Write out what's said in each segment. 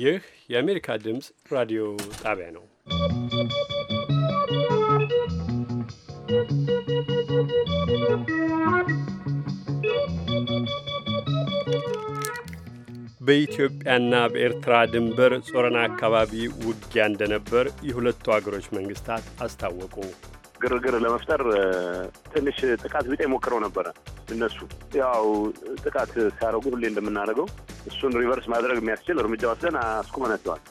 ይህ የአሜሪካ ድምፅ ራዲዮ ጣቢያ ነው። በኢትዮጵያና በኤርትራ ድንበር ጾረና አካባቢ ውጊያ እንደነበር የሁለቱ አገሮች መንግስታት አስታወቁ። ግርግር ለመፍጠር ትንሽ ጥቃት ቢጤ ሞክረው ነበረ። እነሱ ያው ጥቃት ሲያደርጉ ሁሌ እንደምናደርገው እሱን ሪቨርስ ማድረግ የሚያስችል እርምጃ ወስደን አስቁመናቸዋል።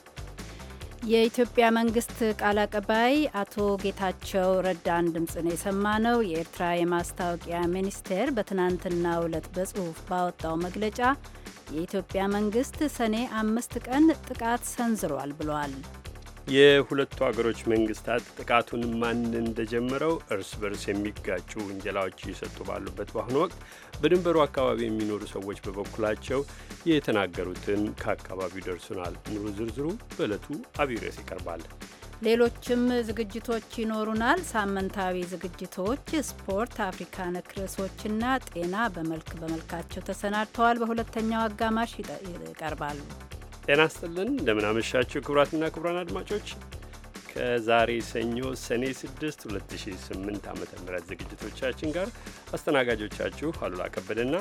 የኢትዮጵያ መንግስት ቃል አቀባይ አቶ ጌታቸው ረዳን ድምፅ ነው ነው። የኤርትራ የማስታወቂያ ሚኒስቴር በትናንትና ዕለት በጽሁፍ ባወጣው መግለጫ የኢትዮጵያ መንግስት ሰኔ አምስት ቀን ጥቃት ሰንዝሯል ብሏል። የሁለቱ አገሮች መንግስታት ጥቃቱን ማን እንደጀመረው እርስ በርስ የሚጋጩ ውንጀላዎች እየሰጡ ባሉበት በአሁኑ ወቅት በድንበሩ አካባቢ የሚኖሩ ሰዎች በበኩላቸው የተናገሩትን ከአካባቢው ደርሱናል። ሙሉ ዝርዝሩ በዕለቱ አብይ ርዕስ ይቀርባል። ሌሎችም ዝግጅቶች ይኖሩናል። ሳምንታዊ ዝግጅቶች፣ ስፖርት፣ አፍሪካ ነክ ርዕሶችና ጤና በመልክ በመልካቸው ተሰናድተዋል። በሁለተኛው አጋማሽ ይቀርባሉ። ጤና ስጥልን እንደምናመሻችሁ ክቡራትና ክቡራን አድማጮች ከዛሬ ሰኞ ሰኔ 6 2008 ዓ ም ዝግጅቶቻችን ጋር አስተናጋጆቻችሁ አሉላ ከበደና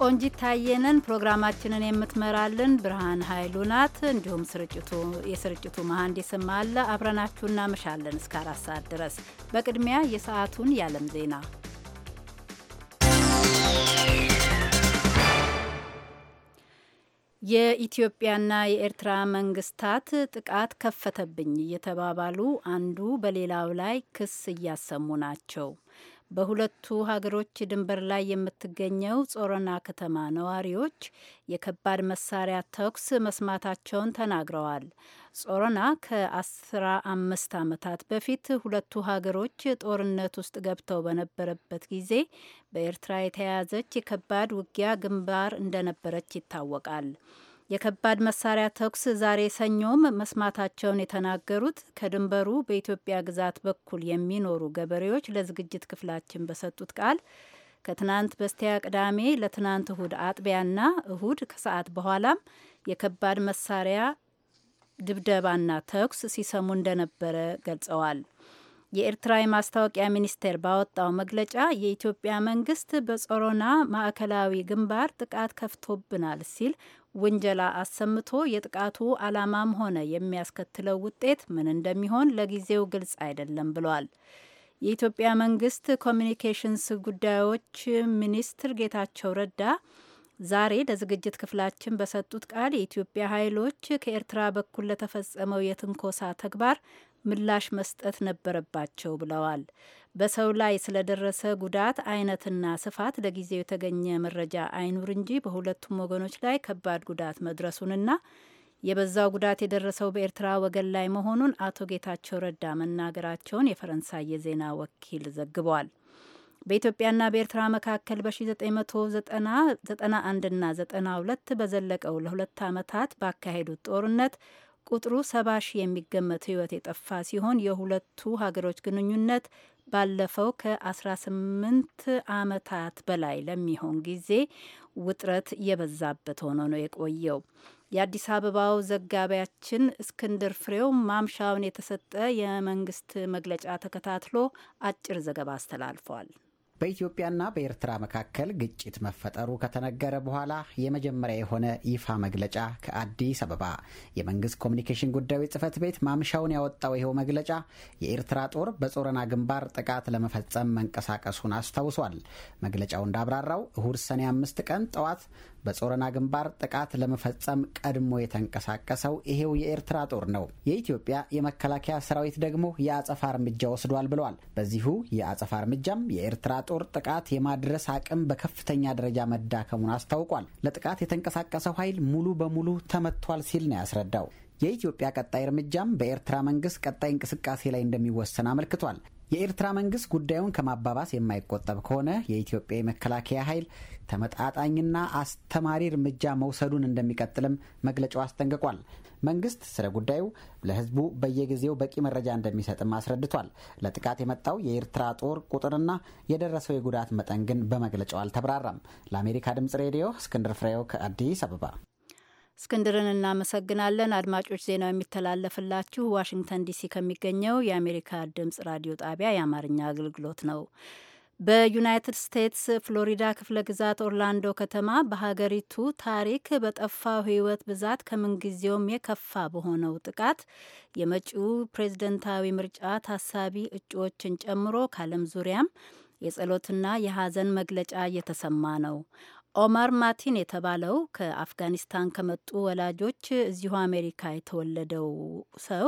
ቆንጂት ታየንን ፕሮግራማችንን የምትመራልን ብርሃን ኃይሉ ናት። እንዲሁም ስርጭቱ የስርጭቱ መሐንዲስም አለ። አብረናችሁ እናመሻለን እስከ አራት ሰዓት ድረስ። በቅድሚያ የሰዓቱን የዓለም ዜና የኢትዮጵያና የኤርትራ መንግስታት ጥቃት ከፈተብኝ እየተባባሉ አንዱ በሌላው ላይ ክስ እያሰሙ ናቸው። በሁለቱ ሀገሮች ድንበር ላይ የምትገኘው ጾረና ከተማ ነዋሪዎች የከባድ መሳሪያ ተኩስ መስማታቸውን ተናግረዋል። ጾረና ከአስራ አምስት ዓመታት በፊት ሁለቱ ሀገሮች ጦርነት ውስጥ ገብተው በነበረበት ጊዜ በኤርትራ የተያያዘች የከባድ ውጊያ ግንባር እንደነበረች ይታወቃል። የከባድ መሳሪያ ተኩስ ዛሬ ሰኞም መስማታቸውን የተናገሩት ከድንበሩ በኢትዮጵያ ግዛት በኩል የሚኖሩ ገበሬዎች ለዝግጅት ክፍላችን በሰጡት ቃል ከትናንት በስቲያ ቅዳሜ ለትናንት እሁድ አጥቢያና እሁድ ከሰዓት በኋላም የከባድ መሳሪያ ድብደባና ተኩስ ሲሰሙ እንደነበረ ገልጸዋል። የኤርትራ የማስታወቂያ ሚኒስቴር ባወጣው መግለጫ የኢትዮጵያ መንግስት በጾሮና ማዕከላዊ ግንባር ጥቃት ከፍቶብናል ሲል ውንጀላ አሰምቶ የጥቃቱ ዓላማም ሆነ የሚያስከትለው ውጤት ምን እንደሚሆን ለጊዜው ግልጽ አይደለም ብሏል። የኢትዮጵያ መንግስት ኮሚኒኬሽንስ ጉዳዮች ሚኒስትር ጌታቸው ረዳ ዛሬ ለዝግጅት ክፍላችን በሰጡት ቃል የኢትዮጵያ ኃይሎች ከኤርትራ በኩል ለተፈጸመው የትንኮሳ ተግባር ምላሽ መስጠት ነበረባቸው ብለዋል። በሰው ላይ ስለደረሰ ጉዳት አይነትና ስፋት ለጊዜው የተገኘ መረጃ አይኑር እንጂ በሁለቱም ወገኖች ላይ ከባድ ጉዳት መድረሱንና የበዛው ጉዳት የደረሰው በኤርትራ ወገን ላይ መሆኑን አቶ ጌታቸው ረዳ መናገራቸውን የፈረንሳይ የዜና ወኪል ዘግቧል። በኢትዮጵያና በኤርትራ መካከል በ1991ና 92 በዘለቀው ለሁለት ዓመታት ባካሄዱት ጦርነት ቁጥሩ ሰባ ሺህ የሚገመት ሕይወት የጠፋ ሲሆን የሁለቱ ሀገሮች ግንኙነት ባለፈው ከ18 ዓመታት በላይ ለሚሆን ጊዜ ውጥረት የበዛበት ሆኖ ነው የቆየው። የአዲስ አበባው ዘጋቢያችን እስክንድር ፍሬው ማምሻውን የተሰጠ የመንግስት መግለጫ ተከታትሎ አጭር ዘገባ አስተላልፏል። በኢትዮጵያና በኤርትራ መካከል ግጭት መፈጠሩ ከተነገረ በኋላ የመጀመሪያ የሆነ ይፋ መግለጫ ከአዲስ አበባ። የመንግስት ኮሚኒኬሽን ጉዳዮች ጽህፈት ቤት ማምሻውን ያወጣው ይኸው መግለጫ የኤርትራ ጦር በጾረና ግንባር ጥቃት ለመፈጸም መንቀሳቀሱን አስታውሷል። መግለጫው እንዳብራራው እሁድ ሰኔ አምስት ቀን ጠዋት በጾረና ግንባር ጥቃት ለመፈጸም ቀድሞ የተንቀሳቀሰው ይሄው የኤርትራ ጦር ነው። የኢትዮጵያ የመከላከያ ሰራዊት ደግሞ የአጸፋ እርምጃ ወስዷል ብለዋል። በዚሁ የአጸፋ እርምጃም የኤርትራ ጦር ጥቃት የማድረስ አቅም በከፍተኛ ደረጃ መዳከሙን አስታውቋል። ለጥቃት የተንቀሳቀሰው ኃይል ሙሉ በሙሉ ተመቷል ሲል ነው ያስረዳው። የኢትዮጵያ ቀጣይ እርምጃም በኤርትራ መንግስት ቀጣይ እንቅስቃሴ ላይ እንደሚወሰን አመልክቷል። የኤርትራ መንግስት ጉዳዩን ከማባባስ የማይቆጠብ ከሆነ የኢትዮጵያ የመከላከያ ኃይል ተመጣጣኝና አስተማሪ እርምጃ መውሰዱን እንደሚቀጥልም መግለጫው አስጠንቅቋል። መንግስት ስለ ጉዳዩ ለህዝቡ በየጊዜው በቂ መረጃ እንደሚሰጥም አስረድቷል። ለጥቃት የመጣው የኤርትራ ጦር ቁጥርና የደረሰው የጉዳት መጠን ግን በመግለጫው አልተብራራም። ለአሜሪካ ድምጽ ሬዲዮ እስክንድር ፍሬው ከአዲስ አበባ እስክንድርን እናመሰግናለን። አድማጮች ዜናው የሚተላለፍላችሁ ዋሽንግተን ዲሲ ከሚገኘው የአሜሪካ ድምጽ ራዲዮ ጣቢያ የአማርኛ አገልግሎት ነው። በዩናይትድ ስቴትስ ፍሎሪዳ ክፍለ ግዛት ኦርላንዶ ከተማ በሀገሪቱ ታሪክ በጠፋው ሕይወት ብዛት ከምንጊዜውም የከፋ በሆነው ጥቃት የመጪው ፕሬዝደንታዊ ምርጫ ታሳቢ እጩዎችን ጨምሮ ከዓለም ዙሪያም የጸሎትና የሀዘን መግለጫ እየተሰማ ነው። ኦማር ማቲን የተባለው ከአፍጋኒስታን ከመጡ ወላጆች እዚሁ አሜሪካ የተወለደው ሰው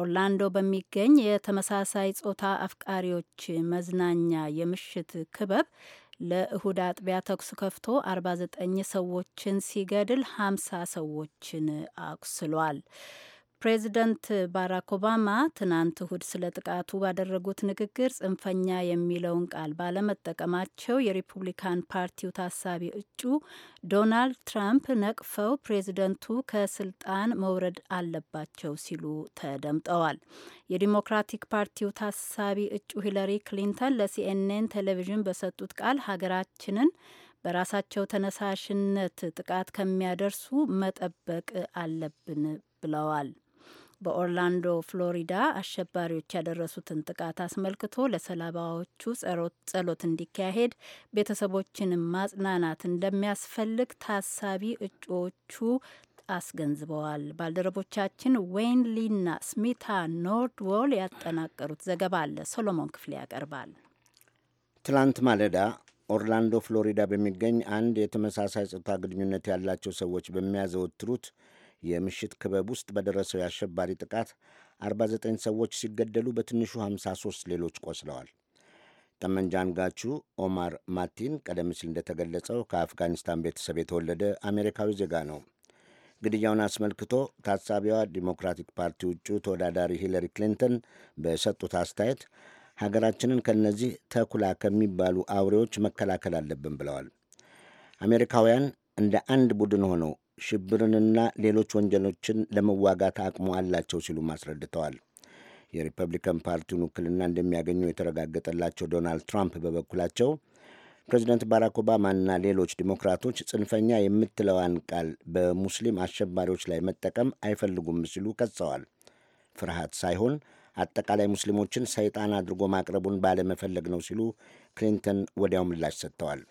ኦርላንዶ በሚገኝ የተመሳሳይ ጾታ አፍቃሪዎች መዝናኛ የምሽት ክበብ ለእሁድ አጥቢያ ተኩስ ከፍቶ 49 ሰዎችን ሲገድል 50 ሰዎችን አቁስሏል። ፕሬዚደንት ባራክ ኦባማ ትናንት እሁድ ስለ ጥቃቱ ባደረጉት ንግግር ጽንፈኛ የሚለውን ቃል ባለመጠቀማቸው የሪፑብሊካን ፓርቲው ታሳቢ እጩ ዶናልድ ትራምፕ ነቅፈው ፕሬዚደንቱ ከስልጣን መውረድ አለባቸው ሲሉ ተደምጠዋል። የዲሞክራቲክ ፓርቲው ታሳቢ እጩ ሂለሪ ክሊንተን ለሲኤንኤን ቴሌቪዥን በሰጡት ቃል ሀገራችንን በራሳቸው ተነሳሽነት ጥቃት ከሚያደርሱ መጠበቅ አለብን ብለዋል። በኦርላንዶ ፍሎሪዳ አሸባሪዎች ያደረሱትን ጥቃት አስመልክቶ ለሰለባዎቹ ጸሎት እንዲካሄድ ቤተሰቦችንም ማጽናናት እንደሚያስፈልግ ታሳቢ እጩዎቹ አስገንዝበዋል። ባልደረቦቻችን ዌይን ሊና ስሚታ ኖርድ ዎል ያጠናቀሩት ዘገባ አለ። ሶሎሞን ክፍሌ ያቀርባል። ትላንት ማለዳ ኦርላንዶ ፍሎሪዳ በሚገኝ አንድ የተመሳሳይ ጾታ ግንኙነት ያላቸው ሰዎች በሚያዘወትሩት የምሽት ክበብ ውስጥ በደረሰው የአሸባሪ ጥቃት 49 ሰዎች ሲገደሉ በትንሹ 53 ሌሎች ቆስለዋል። ጠመንጃ አንጋቹ ኦማር ማቲን ቀደም ሲል እንደተገለጸው ከአፍጋኒስታን ቤተሰብ የተወለደ አሜሪካዊ ዜጋ ነው። ግድያውን አስመልክቶ ታሳቢዋ ዲሞክራቲክ ፓርቲ ውጩ ተወዳዳሪ ሂለሪ ክሊንተን በሰጡት አስተያየት ሀገራችንን ከነዚህ ተኩላ ከሚባሉ አውሬዎች መከላከል አለብን ብለዋል። አሜሪካውያን እንደ አንድ ቡድን ሆነው ሽብርንና ሌሎች ወንጀሎችን ለመዋጋት አቅሙ አላቸው ሲሉ አስረድተዋል። የሪፐብሊካን ፓርቲውን ውክልና እንደሚያገኙ የተረጋገጠላቸው ዶናልድ ትራምፕ በበኩላቸው ፕሬዚደንት ባራክ ኦባማና ሌሎች ዲሞክራቶች ጽንፈኛ የምትለዋን ቃል በሙስሊም አሸባሪዎች ላይ መጠቀም አይፈልጉም ሲሉ ከሰዋል። ፍርሃት ሳይሆን አጠቃላይ ሙስሊሞችን ሰይጣን አድርጎ ማቅረቡን ባለመፈለግ ነው ሲሉ ክሊንተን ወዲያው ምላሽ ሰጥተዋል።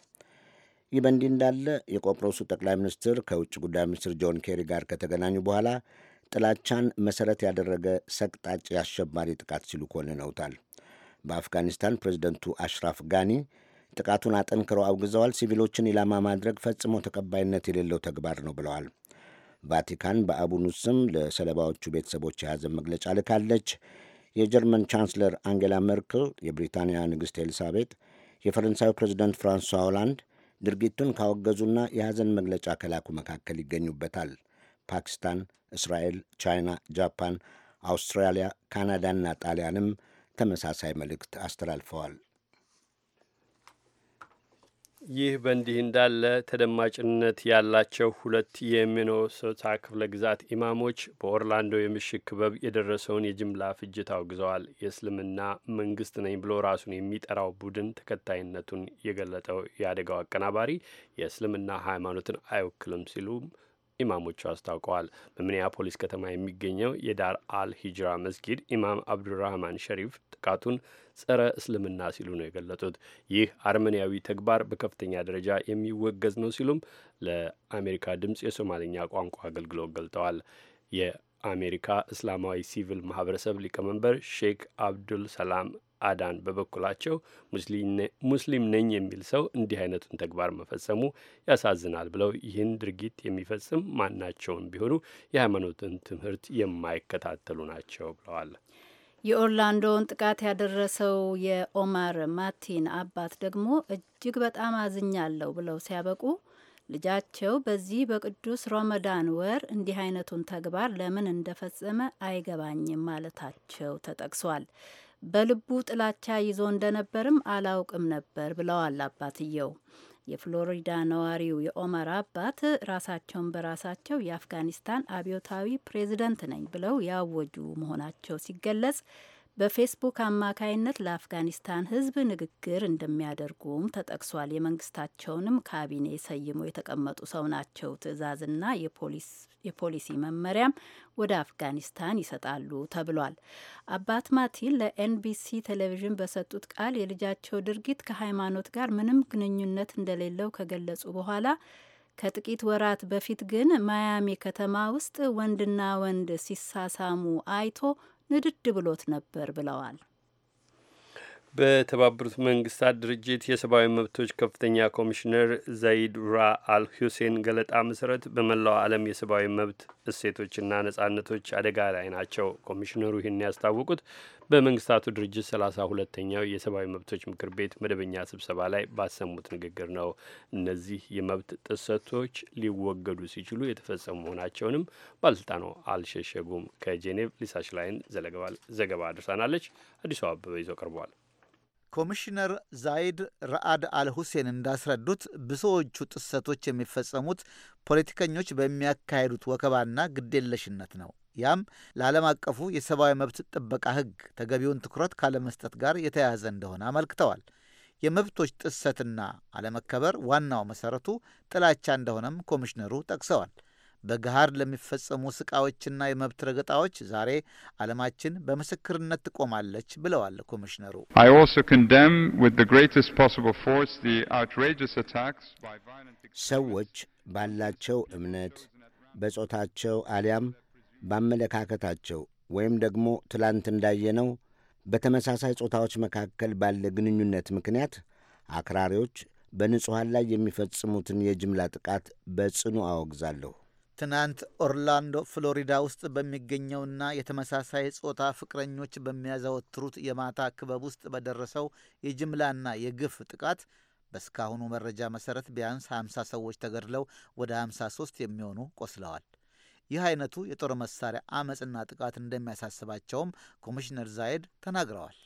ይህ በእንዲህ እንዳለ የቆጵሮሱ ጠቅላይ ሚኒስትር ከውጭ ጉዳይ ሚኒስትር ጆን ኬሪ ጋር ከተገናኙ በኋላ ጥላቻን መሰረት ያደረገ ሰቅጣጭ የአሸባሪ ጥቃት ሲሉ ኮንነውታል። በአፍጋኒስታን ፕሬዚደንቱ አሽራፍ ጋኒ ጥቃቱን አጠንክረው አውግዘዋል። ሲቪሎችን ኢላማ ማድረግ ፈጽሞ ተቀባይነት የሌለው ተግባር ነው ብለዋል። ቫቲካን በአቡኑ ስም ለሰለባዎቹ ቤተሰቦች የያዘ መግለጫ ልካለች። የጀርመን ቻንስለር አንጌላ መርክል የብሪታንያ ንግሥት ኤልሳቤጥ፣ የፈረንሳዩ ፕሬዚደንት ፍራንሷ ሆላንድ ድርጊቱን ካወገዙና የሐዘን መግለጫ ከላኩ መካከል ይገኙበታል። ፓኪስታን፣ እስራኤል፣ ቻይና፣ ጃፓን፣ አውስትራሊያ፣ ካናዳና ጣሊያንም ተመሳሳይ መልእክት አስተላልፈዋል። ይህ በእንዲህ እንዳለ ተደማጭነት ያላቸው ሁለት የሚኔሶታ ክፍለ ግዛት ኢማሞች በኦርላንዶ የምሽግ ክበብ የደረሰውን የጅምላ ፍጅት አውግዘዋል። የእስልምና መንግስት ነኝ ብሎ ራሱን የሚጠራው ቡድን ተከታይነቱን የገለጠው የአደጋው አቀናባሪ የእስልምና ሃይማኖትን አይወክልም ሲሉም ኢማሞቹ አስታውቀዋል። በሚኒያፖሊስ ከተማ የሚገኘው የዳር አል ሂጅራ መስጊድ ኢማም አብዱራህማን ሸሪፍ ጥቃቱን ጸረ እስልምና ሲሉ ነው የገለጡት። ይህ አርመንያዊ ተግባር በከፍተኛ ደረጃ የሚወገዝ ነው ሲሉም ለአሜሪካ ድምፅ የሶማልኛ ቋንቋ አገልግሎት ገልጠዋል። የአሜሪካ እስላማዊ ሲቪል ማህበረሰብ ሊቀመንበር ሼክ አብዱል ሰላም አዳን በበኩላቸው ሙስሊም ነኝ የሚል ሰው እንዲህ አይነቱን ተግባር መፈጸሙ ያሳዝናል ብለው ይህን ድርጊት የሚፈጽም ማናቸውም ቢሆኑ የሃይማኖትን ትምህርት የማይከታተሉ ናቸው ብለዋል። የኦርላንዶውን ጥቃት ያደረሰው የኦማር ማቲን አባት ደግሞ እጅግ በጣም አዝኛለሁ ብለው ሲያበቁ ልጃቸው በዚህ በቅዱስ ረመዳን ወር እንዲህ አይነቱን ተግባር ለምን እንደፈጸመ አይገባኝም ማለታቸው ተጠቅሷል። በልቡ ጥላቻ ይዞ እንደነበርም አላውቅም ነበር ብለዋል አባትየው። የፍሎሪዳ ነዋሪው የኦመር አባት ራሳቸውን በራሳቸው የአፍጋኒስታን አብዮታዊ ፕሬዝደንት ነኝ ብለው ያወጁ መሆናቸው ሲገለጽ በፌስቡክ አማካይነት ለአፍጋኒስታን ሕዝብ ንግግር እንደሚያደርጉም ተጠቅሷል። የመንግስታቸውንም ካቢኔ ሰይሞ የተቀመጡ ሰው ናቸው። ትዕዛዝና የፖሊሲ መመሪያም ወደ አፍጋኒስታን ይሰጣሉ ተብሏል። አባት ማቲን ለኤንቢሲ ቴሌቪዥን በሰጡት ቃል የልጃቸው ድርጊት ከሃይማኖት ጋር ምንም ግንኙነት እንደሌለው ከገለጹ በኋላ ከጥቂት ወራት በፊት ግን ማያሚ ከተማ ውስጥ ወንድና ወንድ ሲሳሳሙ አይቶ ንድድ ብሎት ነበር ብለዋል። በተባበሩት መንግስታት ድርጅት የሰብአዊ መብቶች ከፍተኛ ኮሚሽነር ዘይድ ራ አል ሁሴን ገለጣ መሰረት በመላው ዓለም የሰብአዊ መብት እሴቶችና ነጻነቶች አደጋ ላይ ናቸው። ኮሚሽነሩ ይህን ያስታወቁት በመንግስታቱ ድርጅት ሰላሳ ሁለተኛው የሰብአዊ መብቶች ምክር ቤት መደበኛ ስብሰባ ላይ ባሰሙት ንግግር ነው። እነዚህ የመብት ጥሰቶች ሊወገዱ ሲችሉ የተፈጸሙ መሆናቸውንም ባለስልጣኑ አልሸሸጉም። ከጄኔቭ ሊሳሽላይን ዘገባ አድርሳናለች። አዲሱ አበበ ይዞ ቀርቧል። ኮሚሽነር ዛይድ ረአድ አልሁሴን እንዳስረዱት ብዙዎቹ ጥሰቶች የሚፈጸሙት ፖለቲከኞች በሚያካሄዱት ወከባና ግዴለሽነት ነው። ያም ለዓለም አቀፉ የሰብአዊ መብት ጥበቃ ሕግ ተገቢውን ትኩረት ካለመስጠት ጋር የተያያዘ እንደሆነ አመልክተዋል። የመብቶች ጥሰትና አለመከበር ዋናው መሠረቱ ጥላቻ እንደሆነም ኮሚሽነሩ ጠቅሰዋል። በገሃር ለሚፈጸሙ ስቃዎችና የመብት ረገጣዎች ዛሬ ዓለማችን በምስክርነት ትቆማለች ብለዋል ኮሚሽነሩ። ሰዎች ባላቸው እምነት፣ በጾታቸው አሊያም ባመለካከታቸው ወይም ደግሞ ትላንት እንዳየነው በተመሳሳይ ጾታዎች መካከል ባለ ግንኙነት ምክንያት አክራሪዎች በንጹሐን ላይ የሚፈጽሙትን የጅምላ ጥቃት በጽኑ አወግዛለሁ። ትናንት ኦርላንዶ ፍሎሪዳ ውስጥ በሚገኘውና የተመሳሳይ ጾታ ፍቅረኞች በሚያዘወትሩት የማታ ክበብ ውስጥ በደረሰው የጅምላና የግፍ ጥቃት በእስካሁኑ መረጃ መሠረት ቢያንስ 50 ሰዎች ተገድለው ወደ 53 የሚሆኑ ቆስለዋል። ይህ አይነቱ የጦር መሳሪያ አመፅና ጥቃት እንደሚያሳስባቸውም ኮሚሽነር ዛይድ ተናግረዋል።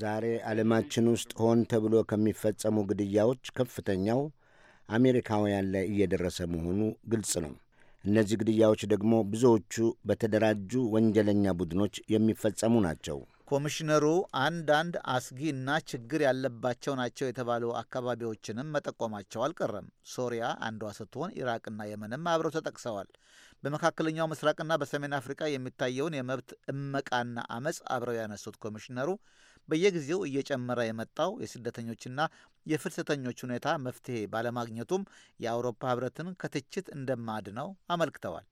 ዛሬ ዓለማችን ውስጥ ሆን ተብሎ ከሚፈጸሙ ግድያዎች ከፍተኛው አሜሪካውያን ላይ እየደረሰ መሆኑ ግልጽ ነው። እነዚህ ግድያዎች ደግሞ ብዙዎቹ በተደራጁ ወንጀለኛ ቡድኖች የሚፈጸሙ ናቸው። ኮሚሽነሩ አንዳንድ እና ችግር ያለባቸው ናቸው የተባሉ አካባቢዎችንም መጠቆማቸው አልቀረም። ሶሪያ አንዷ ስትሆን ኢራቅና የመንም አብረው ተጠቅሰዋል። በመካከለኛው ምስራቅና በሰሜን አፍሪካ የሚታየውን የመብት እመቃና አመፅ አብረው ያነሱት ኮሚሽነሩ በየጊዜው እየጨመረ የመጣው የስደተኞችና የፍልሰተኞች ሁኔታ መፍትሄ ባለማግኘቱም የአውሮፓ ህብረትን ከትችት እንደማድነው አመልክተዋል።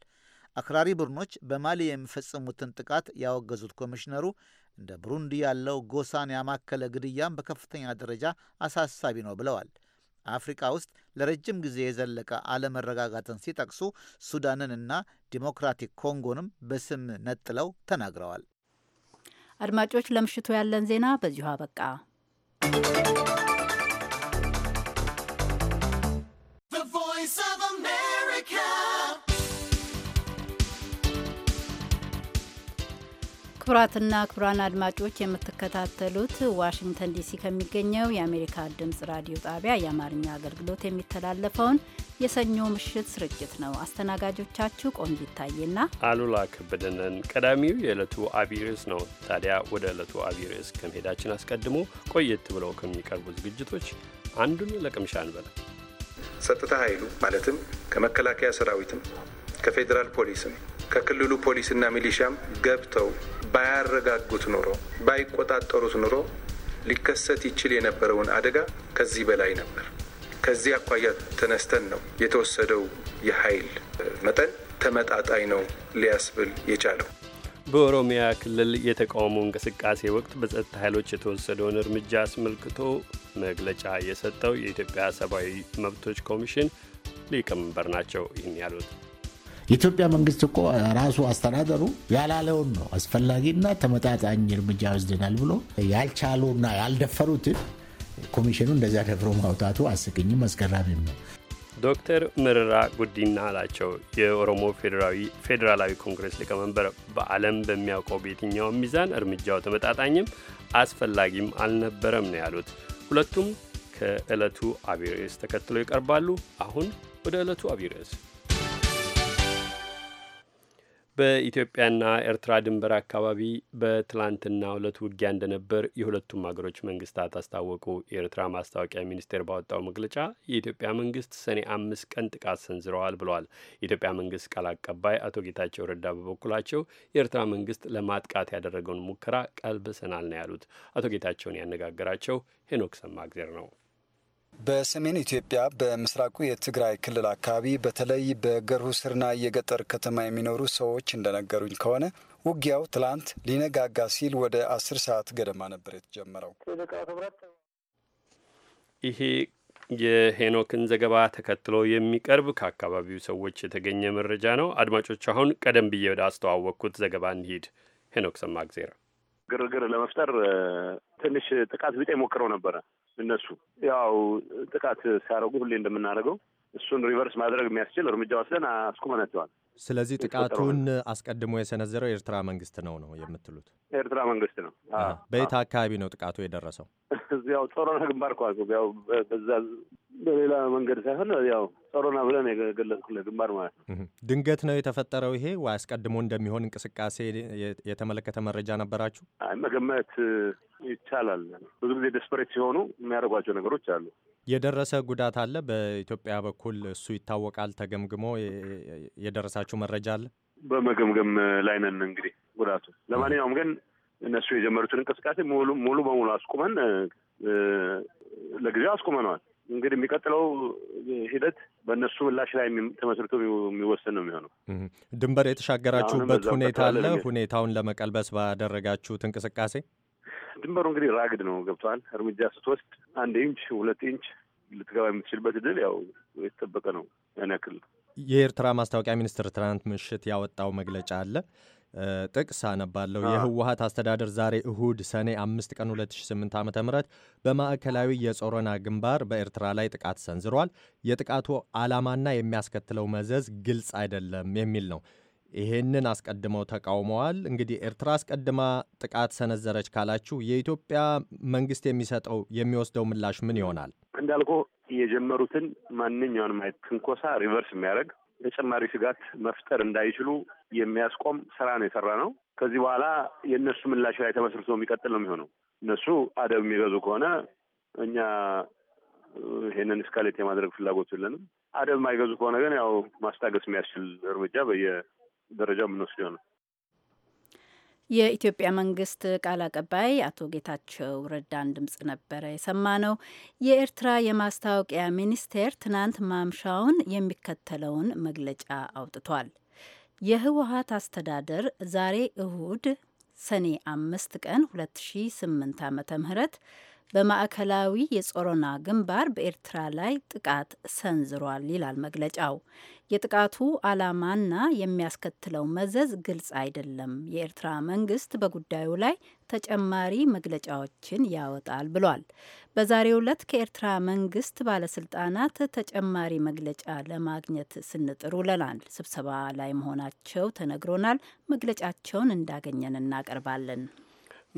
አክራሪ ቡድኖች በማሊ የሚፈጽሙትን ጥቃት ያወገዙት ኮሚሽነሩ እንደ ብሩንዲ ያለው ጎሳን ያማከለ ግድያም በከፍተኛ ደረጃ አሳሳቢ ነው ብለዋል። አፍሪካ ውስጥ ለረጅም ጊዜ የዘለቀ አለመረጋጋትን ሲጠቅሱ ሱዳንንና ዲሞክራቲክ ኮንጎንም በስም ነጥለው ተናግረዋል። አድማጮች፣ ለምሽቱ ያለን ዜና በዚሁ አበቃ። ክቡራትና ክቡራን አድማጮች የምትከታተሉት ዋሽንግተን ዲሲ ከሚገኘው የአሜሪካ ድምፅ ራዲዮ ጣቢያ የአማርኛ አገልግሎት የሚተላለፈውን የሰኞ ምሽት ስርጭት ነው። አስተናጋጆቻችሁ ቆንጅ ይታየና አሉላ ከበደነን። ቀዳሚው የዕለቱ አብይ ርዕስ ነው። ታዲያ ወደ ዕለቱ አብይ ርዕስ ከመሄዳችን አስቀድሞ ቆየት ብለው ከሚቀርቡ ዝግጅቶች አንዱን ለቅምሻ እንበል። ጸጥታ ኃይሉ ማለትም ከመከላከያ ሰራዊትም ከፌዴራል ፖሊስም ከክልሉ ፖሊስና ሚሊሻም ገብተው ባያረጋጉት ኖሮ ባይቆጣጠሩት ኖሮ ሊከሰት ይችል የነበረውን አደጋ ከዚህ በላይ ነበር። ከዚህ አኳያ ተነስተን ነው የተወሰደው የኃይል መጠን ተመጣጣኝ ነው ሊያስብል የቻለው። በኦሮሚያ ክልል የተቃውሞ እንቅስቃሴ ወቅት በጸጥታ ኃይሎች የተወሰደውን እርምጃ አስመልክቶ መግለጫ የሰጠው የኢትዮጵያ ሰብአዊ መብቶች ኮሚሽን ሊቀመንበር ናቸው ይህን ያሉት። የኢትዮጵያ መንግስት እኮ ራሱ አስተዳደሩ ያላለውን ነው አስፈላጊና ተመጣጣኝ እርምጃ ወስደናል ብሎ ያልቻሉና ያልደፈሩትን ኮሚሽኑ እንደዚያ ደፍሮ ማውጣቱ አስቅኝም አስገራሚም ነው። ዶክተር ምርራ ጉዲና አላቸው የኦሮሞ ፌዴራላዊ ኮንግረስ ሊቀመንበር። በዓለም በሚያውቀው በየትኛውም ሚዛን እርምጃው ተመጣጣኝም አስፈላጊም አልነበረም ነው ያሉት። ሁለቱም ከዕለቱ አብይ ርዕስ ተከትሎ ይቀርባሉ። አሁን ወደ ዕለቱ አብይ ርዕስ በኢትዮጵያና ኤርትራ ድንበር አካባቢ በትላንትና ሁለት ውጊያ እንደነበር የሁለቱም ሀገሮች መንግስታት አስታወቁ። የኤርትራ ማስታወቂያ ሚኒስቴር ባወጣው መግለጫ የኢትዮጵያ መንግስት ሰኔ አምስት ቀን ጥቃት ሰንዝረዋል ብለዋል። የኢትዮጵያ መንግስት ቃል አቀባይ አቶ ጌታቸው ረዳ በበኩላቸው የኤርትራ መንግስት ለማጥቃት ያደረገውን ሙከራ ቀልብሰናል ነው ያሉት። አቶ ጌታቸውን ያነጋገራቸው ሄኖክ ሰማግዜር ነው። በሰሜን ኢትዮጵያ በምስራቁ የትግራይ ክልል አካባቢ በተለይ በገርሁ ስርና የገጠር ከተማ የሚኖሩ ሰዎች እንደነገሩኝ ከሆነ ውጊያው ትላንት ሊነጋጋ ሲል ወደ አስር ሰዓት ገደማ ነበር የተጀመረው። ይሄ የሄኖክን ዘገባ ተከትሎ የሚቀርብ ከአካባቢው ሰዎች የተገኘ መረጃ ነው። አድማጮች፣ አሁን ቀደም ብዬ ወደ አስተዋወቅኩት ዘገባ እንሂድ። ሄኖክ ሰማግዜር ግርግር ለመፍጠር ትንሽ ጥቃት ቢጤ ሞክረው ነበረ እነሱ ያው ጥቃት ሲያደርጉ ሁሌ እንደምናደርገው እሱን ሪቨርስ ማድረግ የሚያስችል እርምጃ ወስደን አስቁመናቸዋል። ስለዚህ ጥቃቱን አስቀድሞ የሰነዘረው የኤርትራ መንግስት ነው ነው የምትሉት? ኤርትራ መንግስት ነው። በየት አካባቢ ነው ጥቃቱ የደረሰው? እዚያው ጦሮና ግንባር ኳሱ ያው በዛ በሌላ መንገድ ሳይሆን ያው ጦሮና ብለን የገለጽኩለት ግንባር ማለት ነው። ድንገት ነው የተፈጠረው ይሄ ወይ አስቀድሞ እንደሚሆን እንቅስቃሴ የተመለከተ መረጃ ነበራችሁ? አይ መገመት ይቻላል። ብዙ ጊዜ ደስፐሬት ሲሆኑ የሚያደርጓቸው ነገሮች አሉ። የደረሰ ጉዳት አለ? በኢትዮጵያ በኩል እሱ ይታወቃል? ተገምግሞ የደረሳችሁ መረጃ አለ? በመገምገም ላይ ነን። እንግዲህ ጉዳቱ ለማንኛውም ግን እነሱ የጀመሩትን እንቅስቃሴ ሙሉ በሙሉ አስቁመን ለጊዜው አስቁመነዋል። እንግዲህ የሚቀጥለው ሂደት በእነሱ ምላሽ ላይ ተመስርቶ የሚወሰን ነው የሚሆነው። ድንበር የተሻገራችሁበት ሁኔታ አለ? ሁኔታውን ለመቀልበስ ባደረጋችሁት እንቅስቃሴ ድንበሩ እንግዲህ ራግድ ነው። ገብተዋል እርምጃ ስትወስድ አንድ ኢንች ሁለት ኢንች ልትገባ የምትችልበት እድል ያው የተጠበቀ ነው። ያን ያክል የኤርትራ ማስታወቂያ ሚኒስትር ትናንት ምሽት ያወጣው መግለጫ አለ። ጥቅስ አነባለሁ። የህወሀት አስተዳደር ዛሬ እሁድ ሰኔ አምስት ቀን 2008 ዓ ም በማዕከላዊ የጾረና ግንባር በኤርትራ ላይ ጥቃት ሰንዝሯል። የጥቃቱ ዓላማና የሚያስከትለው መዘዝ ግልጽ አይደለም የሚል ነው። ይህንን አስቀድመው ተቃውመዋል። እንግዲህ ኤርትራ አስቀድማ ጥቃት ሰነዘረች ካላችሁ የኢትዮጵያ መንግስት የሚሰጠው የሚወስደው ምላሽ ምን ይሆናል? እንዳልኩ የጀመሩትን ማንኛውንም አይነት ትንኮሳ ሪቨርስ የሚያደርግ ተጨማሪ ስጋት መፍጠር እንዳይችሉ የሚያስቆም ስራ ነው የሰራ ነው። ከዚህ በኋላ የእነሱ ምላሽ ላይ ተመስርቶ የሚቀጥል ነው የሚሆነው። እነሱ አደብ የሚገዙ ከሆነ እኛ ይሄንን እስካሌት የማድረግ ፍላጎት የለንም። አደብ የማይገዙ ከሆነ ግን ያው ማስታገስ የሚያስችል እርምጃ በየ ደረጃ የምንወስደው ነው። የኢትዮጵያ መንግስት ቃል አቀባይ አቶ ጌታቸው ረዳን ድምጽ ነበረ የሰማ ነው። የኤርትራ የማስታወቂያ ሚኒስቴር ትናንት ማምሻውን የሚከተለውን መግለጫ አውጥቷል። የህወሀት አስተዳደር ዛሬ እሁድ ሰኔ አምስት ቀን 2008 ዓ ም በማዕከላዊ የጾሮና ግንባር በኤርትራ ላይ ጥቃት ሰንዝሯል ይላል መግለጫው። የጥቃቱ ዓላማና የሚያስከትለው መዘዝ ግልጽ አይደለም። የኤርትራ መንግስት በጉዳዩ ላይ ተጨማሪ መግለጫዎችን ያወጣል ብሏል። በዛሬው ዕለት ከኤርትራ መንግስት ባለስልጣናት ተጨማሪ መግለጫ ለማግኘት ስንጥር ውለናል። ስብሰባ ላይ መሆናቸው ተነግሮናል። መግለጫቸውን እንዳገኘን እናቀርባለን።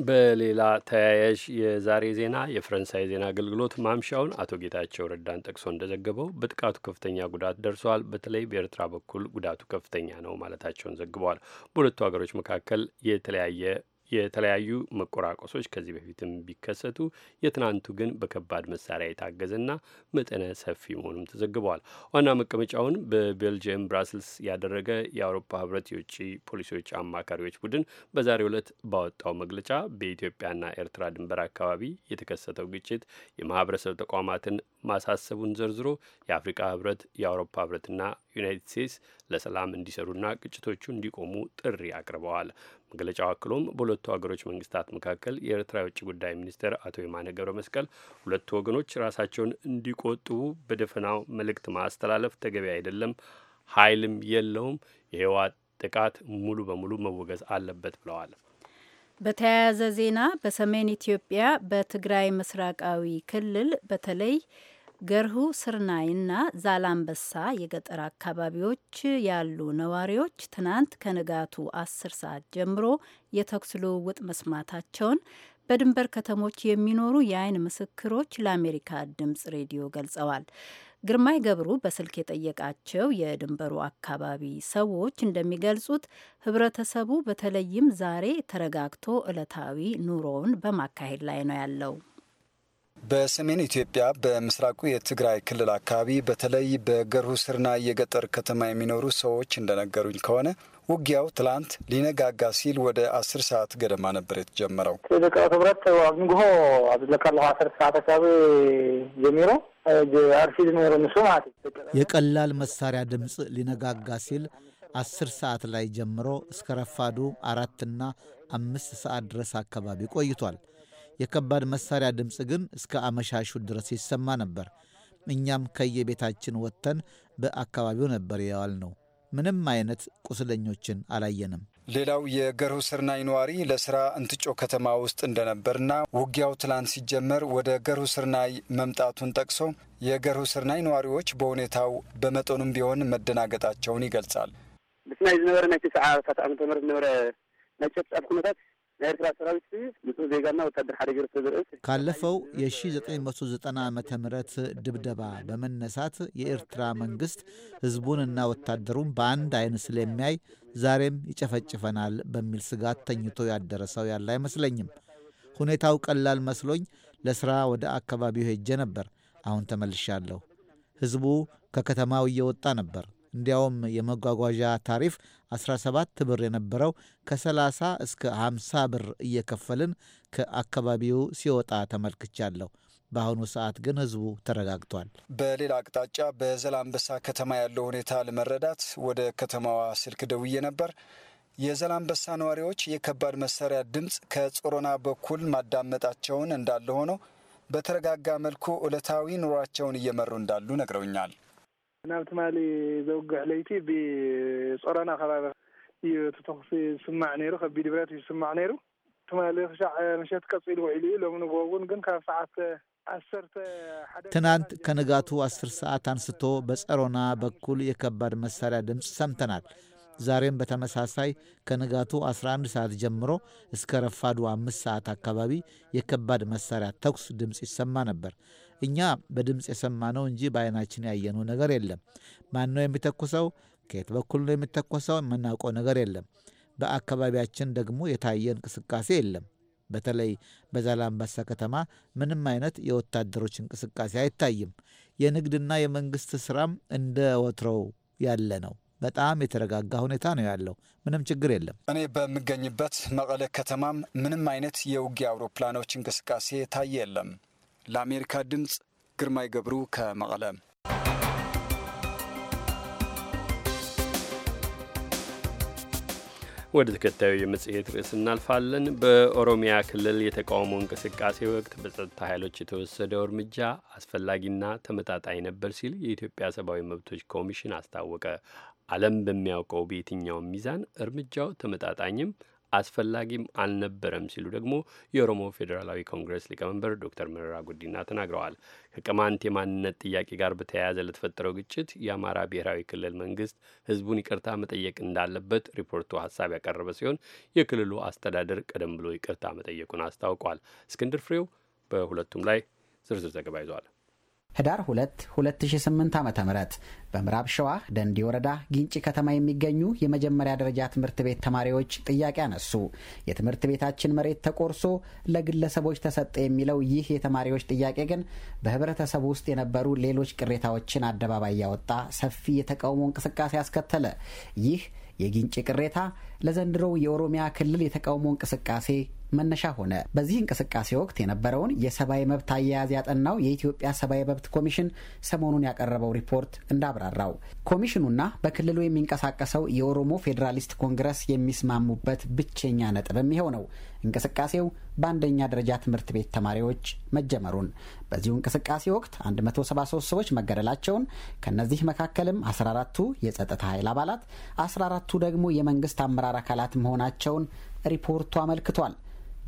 በሌላ ተያያዥ የዛሬ ዜና የፈረንሳይ ዜና አገልግሎት ማምሻውን አቶ ጌታቸው ረዳን ጠቅሶ እንደዘገበው በጥቃቱ ከፍተኛ ጉዳት ደርሰዋል፣ በተለይ በኤርትራ በኩል ጉዳቱ ከፍተኛ ነው ማለታቸውን ዘግበዋል። በሁለቱ ሀገሮች መካከል የተለያየ የተለያዩ መቆራቆሶች ከዚህ በፊትም ቢከሰቱ የትናንቱ ግን በከባድ መሳሪያ የታገዘና መጠነ ሰፊ መሆኑም ተዘግበዋል። ዋና መቀመጫውን በቤልጅየም ብራስልስ ያደረገ የአውሮፓ ህብረት የውጭ ፖሊሲዎች አማካሪዎች ቡድን በዛሬው ዕለት ባወጣው መግለጫ በኢትዮጵያና ኤርትራ ድንበር አካባቢ የተከሰተው ግጭት የማህበረሰብ ተቋማትን ማሳሰቡን ዘርዝሮ የአፍሪካ ህብረት፣ የአውሮፓ ህብረትና ዩናይትድ ስቴትስ ለሰላም እንዲሰሩና ግጭቶቹ እንዲቆሙ ጥሪ አቅርበዋል። መግለጫው አክሎም በሁለቱ ሀገሮች መንግስታት መካከል የኤርትራ የውጭ ጉዳይ ሚኒስትር አቶ የማነ ገብረ መስቀል ሁለቱ ወገኖች ራሳቸውን እንዲቆጥቡ በደፈናው መልእክት ማስተላለፍ ተገቢ አይደለም፣ ኃይልም የለውም፣ የህወሓት ጥቃት ሙሉ በሙሉ መወገዝ አለበት ብለዋል። በተያያዘ ዜና በሰሜን ኢትዮጵያ በትግራይ ምስራቃዊ ክልል በተለይ ገርሁ ስርናይ እና ዛላምበሳ የገጠር አካባቢዎች ያሉ ነዋሪዎች ትናንት ከንጋቱ አስር ሰዓት ጀምሮ የተኩስ ልውውጥ መስማታቸውን በድንበር ከተሞች የሚኖሩ የአይን ምስክሮች ለአሜሪካ ድምጽ ሬዲዮ ገልጸዋል። ግርማይ ገብሩ በስልክ የጠየቃቸው የድንበሩ አካባቢ ሰዎች እንደሚገልጹት ህብረተሰቡ በተለይም ዛሬ ተረጋግቶ ዕለታዊ ኑሮውን በማካሄድ ላይ ነው ያለው። በሰሜን ኢትዮጵያ በምስራቁ የትግራይ ክልል አካባቢ በተለይ በገርሁ ስርና የገጠር ከተማ የሚኖሩ ሰዎች እንደነገሩኝ ከሆነ ውጊያው ትላንት ሊነጋጋ ሲል ወደ አስር ሰዓት ገደማ ነበር የተጀመረው። ደቂ ሕብረት ኣብ ንግሆ አስር ሰዓት አካባቢ ሰዓተ ካብ ጀሚሮ ኣርሲ ዝነበረ ንሱ ማለት የቀላል መሳሪያ ድምፅ ሊነጋጋ ሲል አስር ሰዓት ላይ ጀምሮ እስከ ረፋዱ አራትና አምስት ሰዓት ድረስ አካባቢ ቆይቷል። የከባድ መሳሪያ ድምፅ ግን እስከ አመሻሹ ድረስ ይሰማ ነበር። እኛም ከየቤታችን ወጥተን በአካባቢው ነበር የዋል ነው። ምንም አይነት ቁስለኞችን አላየንም። ሌላው የገርሁ ስርናይ ነዋሪ ለስራ እንትጮ ከተማ ውስጥ እንደነበርና ውጊያው ትላንት ሲጀመር ወደ ገርሁ ስርናይ መምጣቱን ጠቅሶ የገርሁ ስርናይ ነዋሪዎች በሁኔታው በመጠኑም ቢሆን መደናገጣቸውን ይገልጻል። ብስናይ ዝነበረ ናቸው ሰዓ ፈጣሚ ተመር ዝነበረ ናቸው ጻፍ ኩነታት ለኤርትራ ሰራዊት ምስ ዜጋና ወታደር ሓደ ገር ርእስ ካለፈው የ1990 ዓ ም ድብደባ በመነሳት የኤርትራ መንግስት ህዝቡንና ወታደሩን በአንድ አይን ስለሚያይ ዛሬም ይጨፈጭፈናል በሚል ስጋት ተኝቶ ያደረሰው ያለ አይመስለኝም። ሁኔታው ቀላል መስሎኝ ለሥራ ወደ አካባቢው ሄጄ ነበር። አሁን ተመልሻለሁ። ህዝቡ ከከተማው እየወጣ ነበር። እንዲያውም የመጓጓዣ ታሪፍ 17 ብር የነበረው ከ30 እስከ 50 ብር እየከፈልን ከአካባቢው ሲወጣ ተመልክቻለሁ። በአሁኑ ሰዓት ግን ህዝቡ ተረጋግቷል። በሌላ አቅጣጫ በዘላንበሳ ከተማ ያለው ሁኔታ ለመረዳት ወደ ከተማዋ ስልክ ደውዬ ነበር። የዘላንበሳ ነዋሪዎች የከባድ መሳሪያ ድምፅ ከጾሮና በኩል ማዳመጣቸውን እንዳለ ሆነው በተረጋጋ መልኩ ዕለታዊ ኑሯቸውን እየመሩ እንዳሉ ነግረውኛል። ናብ ትማሊ ዘውግዕ ለይቲ ብፀረና ከባቢ እዩ እቲ ተኽሲ ዝስማዕ ነይሩ ከቢድ ብረት እዩ ዝስማዕ ነይሩ ትማሊ ክሻዕ ምሸት ቀፂሉ ውዒሉ እዩ ሎም ንጎ እውን ግን ካብ ሰዓት ዓሰርተ ሓደ ትናንት ከንጋቱ አስር ሰዓት አንስቶ በፀሮና በኩል የከባድ መሳርያ ድምፂ ሰምተናል። ዛሬም በተመሳሳይ ከንጋቱ 11 ሰዓት ጀምሮ እስከ ረፋዱ አምስት ሰዓት አካባቢ የከባድ መሳሪያ ተኩስ ድምፅ ይሰማ ነበር። እኛ በድምፅ የሰማነው እንጂ በአይናችን ያየነው ነገር የለም። ማን ነው የሚተኩሰው? ከየት በኩል ነው የሚተኮሰው? የምናውቀው ነገር የለም። በአካባቢያችን ደግሞ የታየ እንቅስቃሴ የለም። በተለይ በዛላምበሳ ከተማ ምንም አይነት የወታደሮች እንቅስቃሴ አይታይም። የንግድና የመንግስት ስራም እንደ ወትሮው ያለ ነው። በጣም የተረጋጋ ሁኔታ ነው ያለው። ምንም ችግር የለም። እኔ በምገኝበት መቀለ ከተማም ምንም አይነት የውጊያ አውሮፕላኖች እንቅስቃሴ የታየ የለም። ለአሜሪካ ድምፅ ግርማይ ገብሩ ከመቐለ። ወደ ተከታዩ የመጽሔት ርዕስ እናልፋለን። በኦሮሚያ ክልል የተቃውሞ እንቅስቃሴ ወቅት በጸጥታ ኃይሎች የተወሰደው እርምጃ አስፈላጊና ተመጣጣኝ ነበር ሲል የኢትዮጵያ ሰብአዊ መብቶች ኮሚሽን አስታወቀ። ዓለም በሚያውቀው በየትኛውም ሚዛን እርምጃው ተመጣጣኝም አስፈላጊም አልነበረም ሲሉ ደግሞ የኦሮሞ ፌዴራላዊ ኮንግረስ ሊቀመንበር ዶክተር መረራ ጉዲና ተናግረዋል። ከቅማንት የማንነት ጥያቄ ጋር በተያያዘ ለተፈጠረው ግጭት የአማራ ብሔራዊ ክልል መንግስት ህዝቡን ይቅርታ መጠየቅ እንዳለበት ሪፖርቱ ሀሳብ ያቀረበ ሲሆን የክልሉ አስተዳደር ቀደም ብሎ ይቅርታ መጠየቁን አስታውቋል። እስክንድር ፍሬው በሁለቱም ላይ ዝርዝር ዘገባ ይዟል። ህዳር 2 2008 ዓ ም በምዕራብ ሸዋ ደንዲ ወረዳ ጊንጪ ከተማ የሚገኙ የመጀመሪያ ደረጃ ትምህርት ቤት ተማሪዎች ጥያቄ አነሱ። የትምህርት ቤታችን መሬት ተቆርሶ ለግለሰቦች ተሰጠ የሚለው ይህ የተማሪዎች ጥያቄ ግን በህብረተሰቡ ውስጥ የነበሩ ሌሎች ቅሬታዎችን አደባባይ ያወጣ ሰፊ የተቃውሞ እንቅስቃሴ አስከተለ። ይህ የጊንጪ ቅሬታ ለዘንድሮው የኦሮሚያ ክልል የተቃውሞ እንቅስቃሴ መነሻ ሆነ። በዚህ እንቅስቃሴ ወቅት የነበረውን የሰብአዊ መብት አያያዝ ያጠናው የኢትዮጵያ ሰብአዊ መብት ኮሚሽን ሰሞኑን ያቀረበው ሪፖርት እንዳብራራው ኮሚሽኑና በክልሉ የሚንቀሳቀሰው የኦሮሞ ፌዴራሊስት ኮንግረስ የሚስማሙበት ብቸኛ ነጥብ ይኸው ነው። እንቅስቃሴው በአንደኛ ደረጃ ትምህርት ቤት ተማሪዎች መጀመሩን፣ በዚሁ እንቅስቃሴ ወቅት 173 ሰዎች መገደላቸውን፣ ከእነዚህ መካከልም 14ቱ የጸጥታ ኃይል አባላት፣ 14ቱ ደግሞ የመንግስት አመራር አካላት መሆናቸውን ሪፖርቱ አመልክቷል።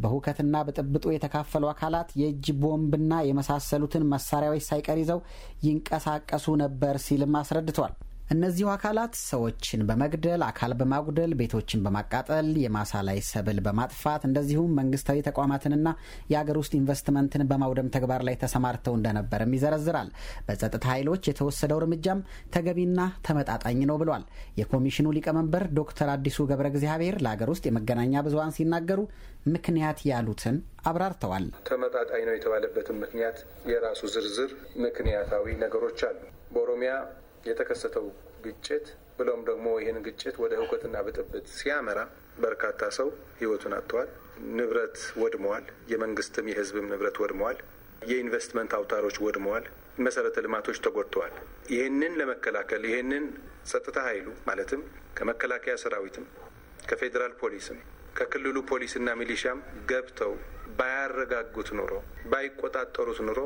በሁከትና በጥብጡ የተካፈሉ አካላት የእጅ ቦምብና የመሳሰሉትን መሳሪያዎች ሳይቀር ይዘው ይንቀሳቀሱ ነበር ሲልም አስረድቷል። እነዚሁ አካላት ሰዎችን በመግደል፣ አካል በማጉደል፣ ቤቶችን በማቃጠል፣ የማሳ ላይ ሰብል በማጥፋት እንደዚሁም መንግስታዊ ተቋማትንና የአገር ውስጥ ኢንቨስትመንትን በማውደም ተግባር ላይ ተሰማርተው እንደነበርም ይዘረዝራል። በጸጥታ ኃይሎች የተወሰደው እርምጃም ተገቢና ተመጣጣኝ ነው ብሏል። የኮሚሽኑ ሊቀመንበር ዶክተር አዲሱ ገብረ እግዚአብሔር ለአገር ውስጥ የመገናኛ ብዙሀን ሲናገሩ ምክንያት ያሉትን አብራርተዋል። ተመጣጣኝ ነው የተባለበትን ምክንያት የራሱ ዝርዝር ምክንያታዊ ነገሮች አሉ። በኦሮሚያ የተከሰተው ግጭት ብለውም ደግሞ ይህን ግጭት ወደ ሁከትና ብጥብጥ ሲያመራ በርካታ ሰው ህይወቱን አጥተዋል። ንብረት ወድመዋል። የመንግስትም የህዝብም ንብረት ወድመዋል። የኢንቨስትመንት አውታሮች ወድመዋል። መሰረተ ልማቶች ተጎድተዋል። ይህንን ለመከላከል ይህንን ጸጥታ ኃይሉ ማለትም ከመከላከያ ሰራዊትም ከፌዴራል ፖሊስም ከክልሉ ፖሊስና ሚሊሻም ገብተው ባያረጋጉት ኑሮ ባይቆጣጠሩት ኑሮ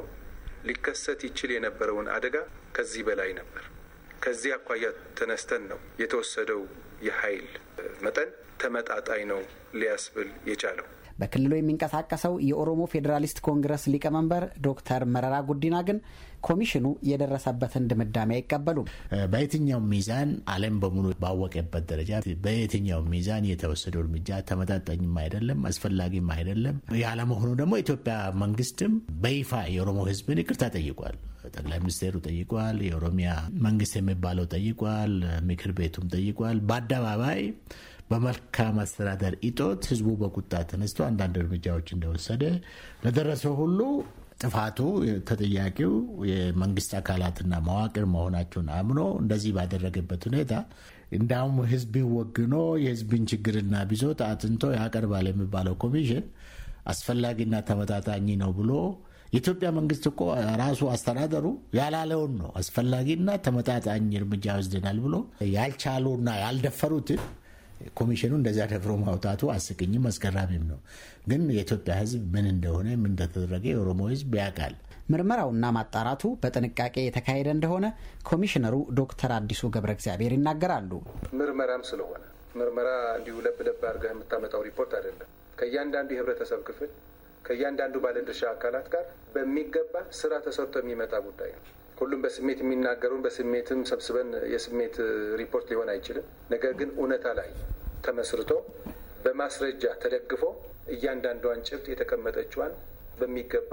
ሊከሰት ይችል የነበረውን አደጋ ከዚህ በላይ ነበር። ከዚህ አኳያ ተነስተን ነው የተወሰደው የኃይል መጠን ተመጣጣኝ ነው ሊያስብል የቻለው። በክልሉ የሚንቀሳቀሰው የኦሮሞ ፌዴራሊስት ኮንግረስ ሊቀመንበር ዶክተር መረራ ጉዲና ግን ኮሚሽኑ የደረሰበትን ድምዳሜ አይቀበሉም። በየትኛው ሚዛን ዓለም በሙሉ ባወቀበት ደረጃ በየትኛው ሚዛን የተወሰደው እርምጃ ተመጣጣኝም አይደለም፣ አስፈላጊም አይደለም ያለመሆኑ ደግሞ ኢትዮጵያ መንግስትም በይፋ የኦሮሞ ህዝብን ይቅርታ ጠይቋል። ጠቅላይ ሚኒስቴሩ ጠይቋል። የኦሮሚያ መንግስት የሚባለው ጠይቋል። ምክር ቤቱም ጠይቋል። በአደባባይ በመልካም አስተዳደር እጦት ህዝቡ በቁጣ ተነስቶ አንዳንድ እርምጃዎች እንደወሰደ ለደረሰው ሁሉ ጥፋቱ ተጠያቂው የመንግስት አካላትና መዋቅር መሆናቸውን አምኖ እንደዚህ ባደረገበት ሁኔታ እንዳውም ህዝብ ወግኖ የህዝብን ችግርና ቢዞት አጥንቶ ያቀርባል የሚባለው ኮሚሽን አስፈላጊና ተመጣጣኝ ነው ብሎ የኢትዮጵያ መንግስት እኮ ራሱ አስተዳደሩ ያላለውን ነው አስፈላጊና ተመጣጣኝ እርምጃ ወስደናል ብሎ ያልቻሉና ያልደፈሩትን ኮሚሽኑ እንደዚያ ደፍሮ ማውጣቱ አስቅኝም አስገራሚም ነው። ግን የኢትዮጵያ ሕዝብ ምን እንደሆነ ምን እንደተደረገ የኦሮሞ ሕዝብ ያውቃል። ምርመራውና ማጣራቱ በጥንቃቄ የተካሄደ እንደሆነ ኮሚሽነሩ ዶክተር አዲሱ ገብረ እግዚአብሔር ይናገራሉ። ምርመራም ስለሆነ ምርመራ እንዲሁ ለብ ለብ አድርገህ የምታመጣው ሪፖርት አይደለም። ከእያንዳንዱ የህብረተሰብ ክፍል ከእያንዳንዱ ባለድርሻ አካላት ጋር በሚገባ ስራ ተሰርቶ የሚመጣ ጉዳይ ነው። ሁሉም በስሜት የሚናገሩን በስሜትም ሰብስበን የስሜት ሪፖርት ሊሆን አይችልም። ነገር ግን እውነታ ላይ ተመስርቶ በማስረጃ ተደግፎ እያንዳንዷን ጭብጥ የተቀመጠችዋን በሚገባ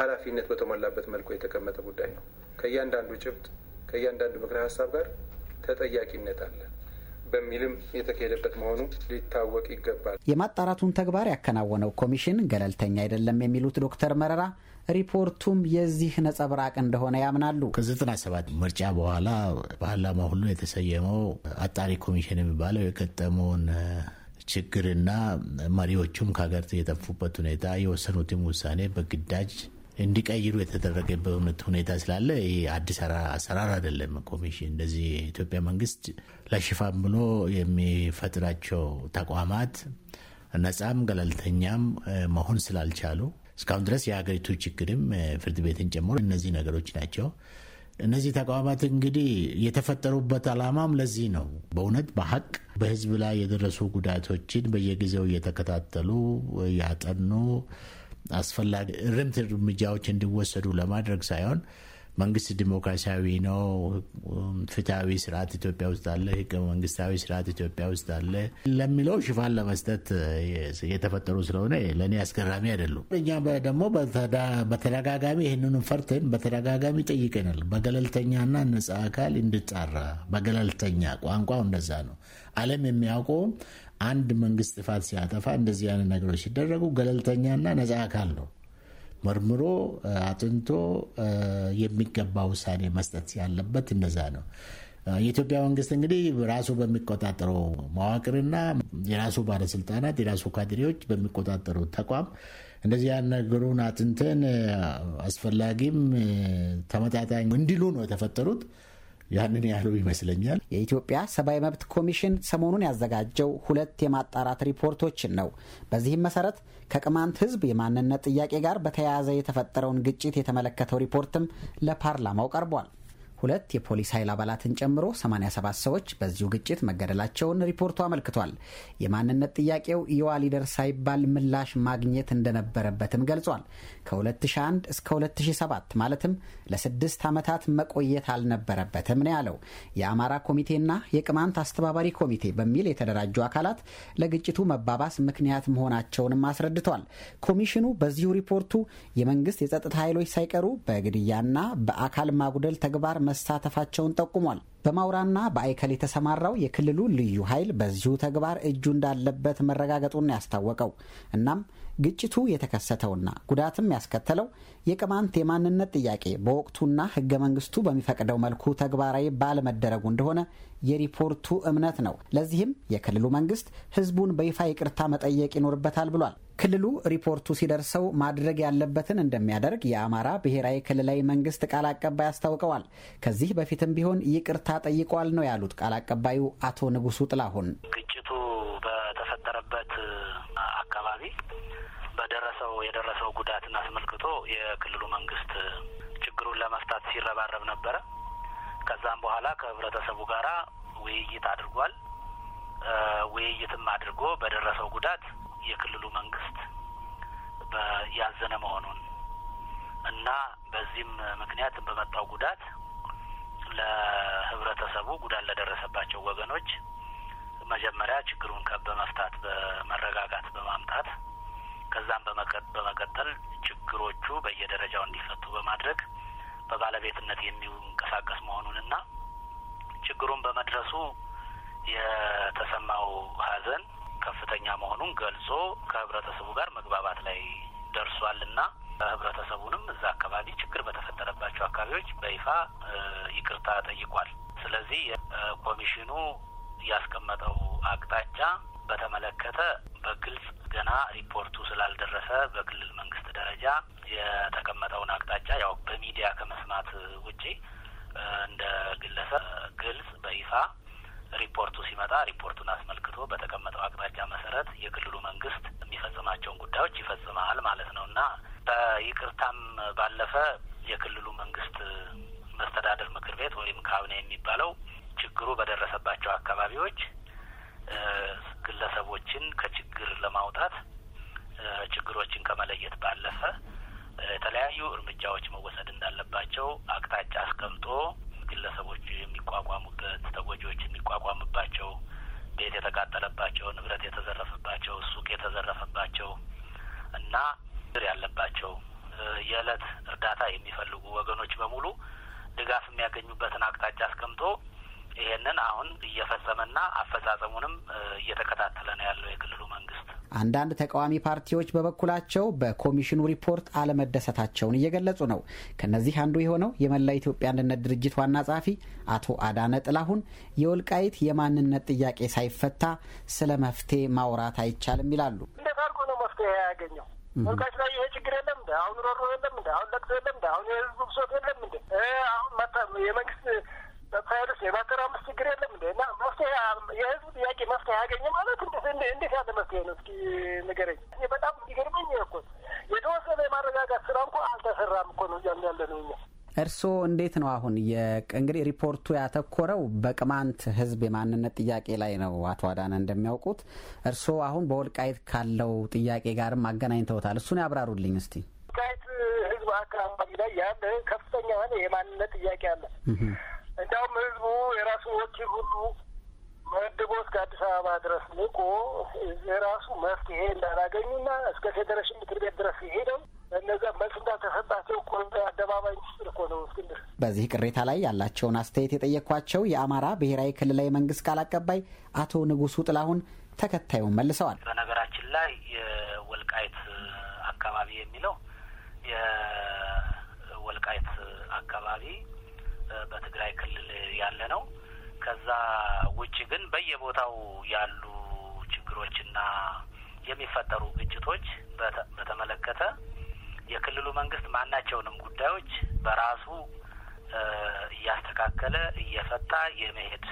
ኃላፊነት በተሞላበት መልኩ የተቀመጠ ጉዳይ ነው። ከእያንዳንዱ ጭብጥ ከእያንዳንዱ ምክረ ሀሳብ ጋር ተጠያቂነት አለ በሚልም የተካሄደበት መሆኑ ሊታወቅ ይገባል። የማጣራቱን ተግባር ያከናወነው ኮሚሽን ገለልተኛ አይደለም የሚሉት ዶክተር መረራ ሪፖርቱም የዚህ ነጸብራቅ እንደሆነ ያምናሉ። ከ97 ምርጫ በኋላ ፓርላማ ሁሉ የተሰየመው አጣሪ ኮሚሽን የሚባለው የገጠመውን ችግርና መሪዎቹም ከሀገር የጠፉበት ሁኔታ የወሰኑትም ውሳኔ በግዳጅ እንዲቀይሩ የተደረገበት ሁኔታ ስላለ ይህ አዲስ አሰራር አይደለም። ኮሚሽን እንደዚህ የኢትዮጵያ መንግስት ለሽፋን ብሎ የሚፈጥራቸው ተቋማት ነጻም ገለልተኛም መሆን ስላልቻሉ እስካሁን ድረስ የሀገሪቱ ችግርም ፍርድ ቤትን ጨምሮ እነዚህ ነገሮች ናቸው። እነዚህ ተቋማት እንግዲህ የተፈጠሩበት ዓላማም ለዚህ ነው። በእውነት በሀቅ በህዝብ ላይ የደረሱ ጉዳቶችን በየጊዜው እየተከታተሉ ያጠኑ አስፈላጊ ርምት እርምጃዎች እንዲወሰዱ ለማድረግ ሳይሆን መንግስት ዲሞክራሲያዊ ነው፣ ፍትሐዊ ስርዓት ኢትዮጵያ ውስጥ አለ፣ ህገ መንግስታዊ ስርዓት ኢትዮጵያ ውስጥ አለ ለሚለው ሽፋን ለመስጠት የተፈጠሩ ስለሆነ ለእኔ አስገራሚ አይደሉም። እኛ ደግሞ በተደጋጋሚ ይህንንም ፈርተን በተደጋጋሚ ጠይቀናል። በገለልተኛና ነጻ አካል እንድጣራ በገለልተኛ ቋንቋው እንደዛ ነው። አለም የሚያውቀው አንድ መንግስት ጥፋት ሲያጠፋ እንደዚህ አይነት ነገሮች ሲደረጉ ገለልተኛና ነጻ አካል ነው መርምሮ አጥንቶ የሚገባ ውሳኔ መስጠት ያለበት እንደዛ ነው። የኢትዮጵያ መንግስት እንግዲህ ራሱ በሚቆጣጠረው መዋቅርና የራሱ ባለስልጣናት የራሱ ካድሬዎች በሚቆጣጠሩ ተቋም እንደዚህ ያን ነገሩን አጥንተን አስፈላጊም ተመጣጣኝ እንዲሉ ነው የተፈጠሩት። ያንን ያህሉ ይመስለኛል። የኢትዮጵያ ሰብአዊ መብት ኮሚሽን ሰሞኑን ያዘጋጀው ሁለት የማጣራት ሪፖርቶችን ነው። በዚህም መሰረት ከቅማንት ሕዝብ የማንነት ጥያቄ ጋር በተያያዘ የተፈጠረውን ግጭት የተመለከተው ሪፖርትም ለፓርላማው ቀርቧል። ሁለት የፖሊስ ኃይል አባላትን ጨምሮ 87 ሰዎች በዚሁ ግጭት መገደላቸውን ሪፖርቱ አመልክቷል። የማንነት ጥያቄው ይዋ ሊደር ሳይባል ምላሽ ማግኘት እንደነበረበትም ገልጿል። ከ2001 እስከ 2007 ማለትም ለስድስት ዓመታት መቆየት አልነበረበትም ነው ያለው። የአማራ ኮሚቴና የቅማንት አስተባባሪ ኮሚቴ በሚል የተደራጁ አካላት ለግጭቱ መባባስ ምክንያት መሆናቸውንም አስረድቷል። ኮሚሽኑ በዚሁ ሪፖርቱ የመንግስት የጸጥታ ኃይሎች ሳይቀሩ በግድያና በአካል ማጉደል ተግባር መሳተፋቸውን ጠቁሟል። በማውራና በአይከል የተሰማራው የክልሉ ልዩ ኃይል በዚሁ ተግባር እጁ እንዳለበት መረጋገጡን ያስታወቀው እናም ግጭቱ የተከሰተውና ጉዳትም ያስከተለው የቅማንት የማንነት ጥያቄ በወቅቱና ህገ መንግስቱ በሚፈቅደው መልኩ ተግባራዊ ባለመደረጉ እንደሆነ የሪፖርቱ እምነት ነው። ለዚህም የክልሉ መንግስት ህዝቡን በይፋ ይቅርታ መጠየቅ ይኖርበታል ብሏል። ክልሉ ሪፖርቱ ሲደርሰው ማድረግ ያለበትን እንደሚያደርግ የአማራ ብሔራዊ ክልላዊ መንግስት ቃል አቀባይ አስታውቀዋል። ከዚህ በፊትም ቢሆን ይቅርታ ጠይቋል ነው ያሉት ቃል አቀባዩ አቶ ንጉሱ ጥላሁን ግጭቱ በተፈጠረበት በደረሰው የደረሰው ጉዳትን አስመልክቶ የክልሉ መንግስት ችግሩን ለመፍታት ሲረባረብ ነበረ። ከዛም በኋላ ከህብረተሰቡ ጋር ውይይት አድርጓል። ውይይትም አድርጎ በደረሰው ጉዳት የክልሉ መንግስት ያዘነ መሆኑን እና በዚህም ምክንያት በመጣው ጉዳት ለህብረተሰቡ ጉዳት ለደረሰባቸው ወገኖች መጀመሪያ ችግሩን ከ በመፍታት በመረጋጋት በማምጣት ከዛም በመቀጠል ችግሮቹ በየደረጃው እንዲፈቱ በማድረግ በባለቤትነት የሚንቀሳቀስ መሆኑንና ችግሩን በመድረሱ የተሰማው ሀዘን ከፍተኛ መሆኑን ገልጾ ከህብረተሰቡ ጋር መግባባት ላይ ደርሷል እና ህብረተሰቡንም እዛ አካባቢ ችግር በተፈጠረባቸው አካባቢዎች በይፋ ይቅርታ ጠይቋል። ስለዚህ ኮሚሽኑ ያስቀመጠው አቅጣጫ በተመለከተ በግልጽ ገና ሪፖርቱ ስላልደረሰ በክልል መንግስት ደረጃ የተቀመጠውን አቅጣጫ ያው በሚዲያ ከመስማት ውጪ እንደ ግለሰብ ግልጽ በይፋ ሪፖርቱ ሲመጣ ሪፖርቱን አስመልክቶ በተቀመጠው አቅጣጫ መሰረት የክልሉ መንግስት የሚፈጽማቸውን ጉዳዮች ይፈጽማል ማለት ነው እና በይቅርታም ባለፈ የክልሉ መንግስት መስተዳደር ምክር ቤት ወይም ካብኔ የሚባለው ችግሩ በደረሰባቸው አካባቢዎች ሰዎችን ከችግር ለማውጣት ችግሮችን ከመለየት ባለፈ የተለያዩ እርምጃዎች መወሰድ እንዳለባቸው አቅጣጫ አስቀምጦ ግለሰቦች የሚቋቋሙበት፣ ተጎጂዎች የሚቋቋምባቸው፣ ቤት የተቃጠለባቸው፣ ንብረት የተዘረፈባቸው፣ ሱቅ የተዘረፈባቸው እና ር ያለባቸው የዕለት እርዳታ የሚፈልጉ ወገኖች በሙሉ ድጋፍ የሚያገኙበትን አቅጣጫ አስቀምጦ ይሄንን አሁን እየፈጸመና አፈጻጸሙንም እየተከታተለ ነው ያለው የክልሉ መንግስት። አንዳንድ ተቃዋሚ ፓርቲዎች በበኩላቸው በኮሚሽኑ ሪፖርት አለመደሰታቸውን እየገለጹ ነው። ከነዚህ አንዱ የሆነው የመላ ኢትዮጵያ አንድነት ድርጅት ዋና ጸሐፊ አቶ አዳነ ጥላሁን የወልቃይት የማንነት ጥያቄ ሳይፈታ ስለ መፍትሄ ማውራት አይቻልም ይላሉ። እንዴት አድርጎ ነው መፍትሄ ያገኘው? ወልቃይት ላይ ይሄ ችግር የለም እንደ አሁን ሮሮ የለም እንደ አሁን ለቅሶ የለም እንደ አሁን የህዝቡ ብሶት የለም እንደ አሁን የመንግስት መካሄዱስ የባከራ አምስት ችግር የለም እንዴ? እና መፍትሄ የህዝብ ጥያቄ መፍትሄ ያገኘ ማለት እንዴት ያለ መፍትሄ ነው? እስኪ ንገረኝ። በጣም እንዲገርመኝ እኮ የተወሰነ የማረጋጋት ስራ እንኳ አልተሰራም እኮ ነው እያልን ያለ ነው እርስዎ እንዴት ነው አሁን እንግዲህ ሪፖርቱ ያተኮረው በቅማንት ህዝብ የማንነት ጥያቄ ላይ ነው፣ አቶ አዳነ እንደሚያውቁት እርስዎ አሁን በወልቃይት ካለው ጥያቄ ጋርም አገናኝተውታል። እሱን ያብራሩልኝ እስቲ። ወልቃይት ህዝብ አካባቢ ላይ ያለ ከፍተኛ የሆነ የማንነት ጥያቄ አለ። እንዲያውም ህዝቡ የራሱ ወኪል ሁሉ መድቦ እስከ አዲስ አበባ ድረስ ልቆ የራሱ መፍትሄ እንዳላገኙና እስከ ፌዴሬሽን ምክር ቤት ድረስ ሄደው እነዚያ መልስ እንዳልተሰጣቸው እኮ አደባባይ ምስል እኮ ነው። እስክንድር በዚህ ቅሬታ ላይ ያላቸውን አስተያየት የጠየኳቸው የአማራ ብሔራዊ ክልላዊ መንግስት ቃል አቀባይ አቶ ንጉሱ ጥላሁን ተከታዩን መልሰዋል። በነገራችን ላይ የወልቃይት አካባቢ የሚለው የወልቃይት አካባቢ በትግራይ ክልል ያለ ነው። ከዛ ውጭ ግን በየቦታው ያሉ ችግሮችና የሚፈጠሩ ግጭቶች በተመለከተ የክልሉ መንግስት ማናቸውንም ጉዳዮች በራሱ እያስተካከለ እየፈታ የመሄድ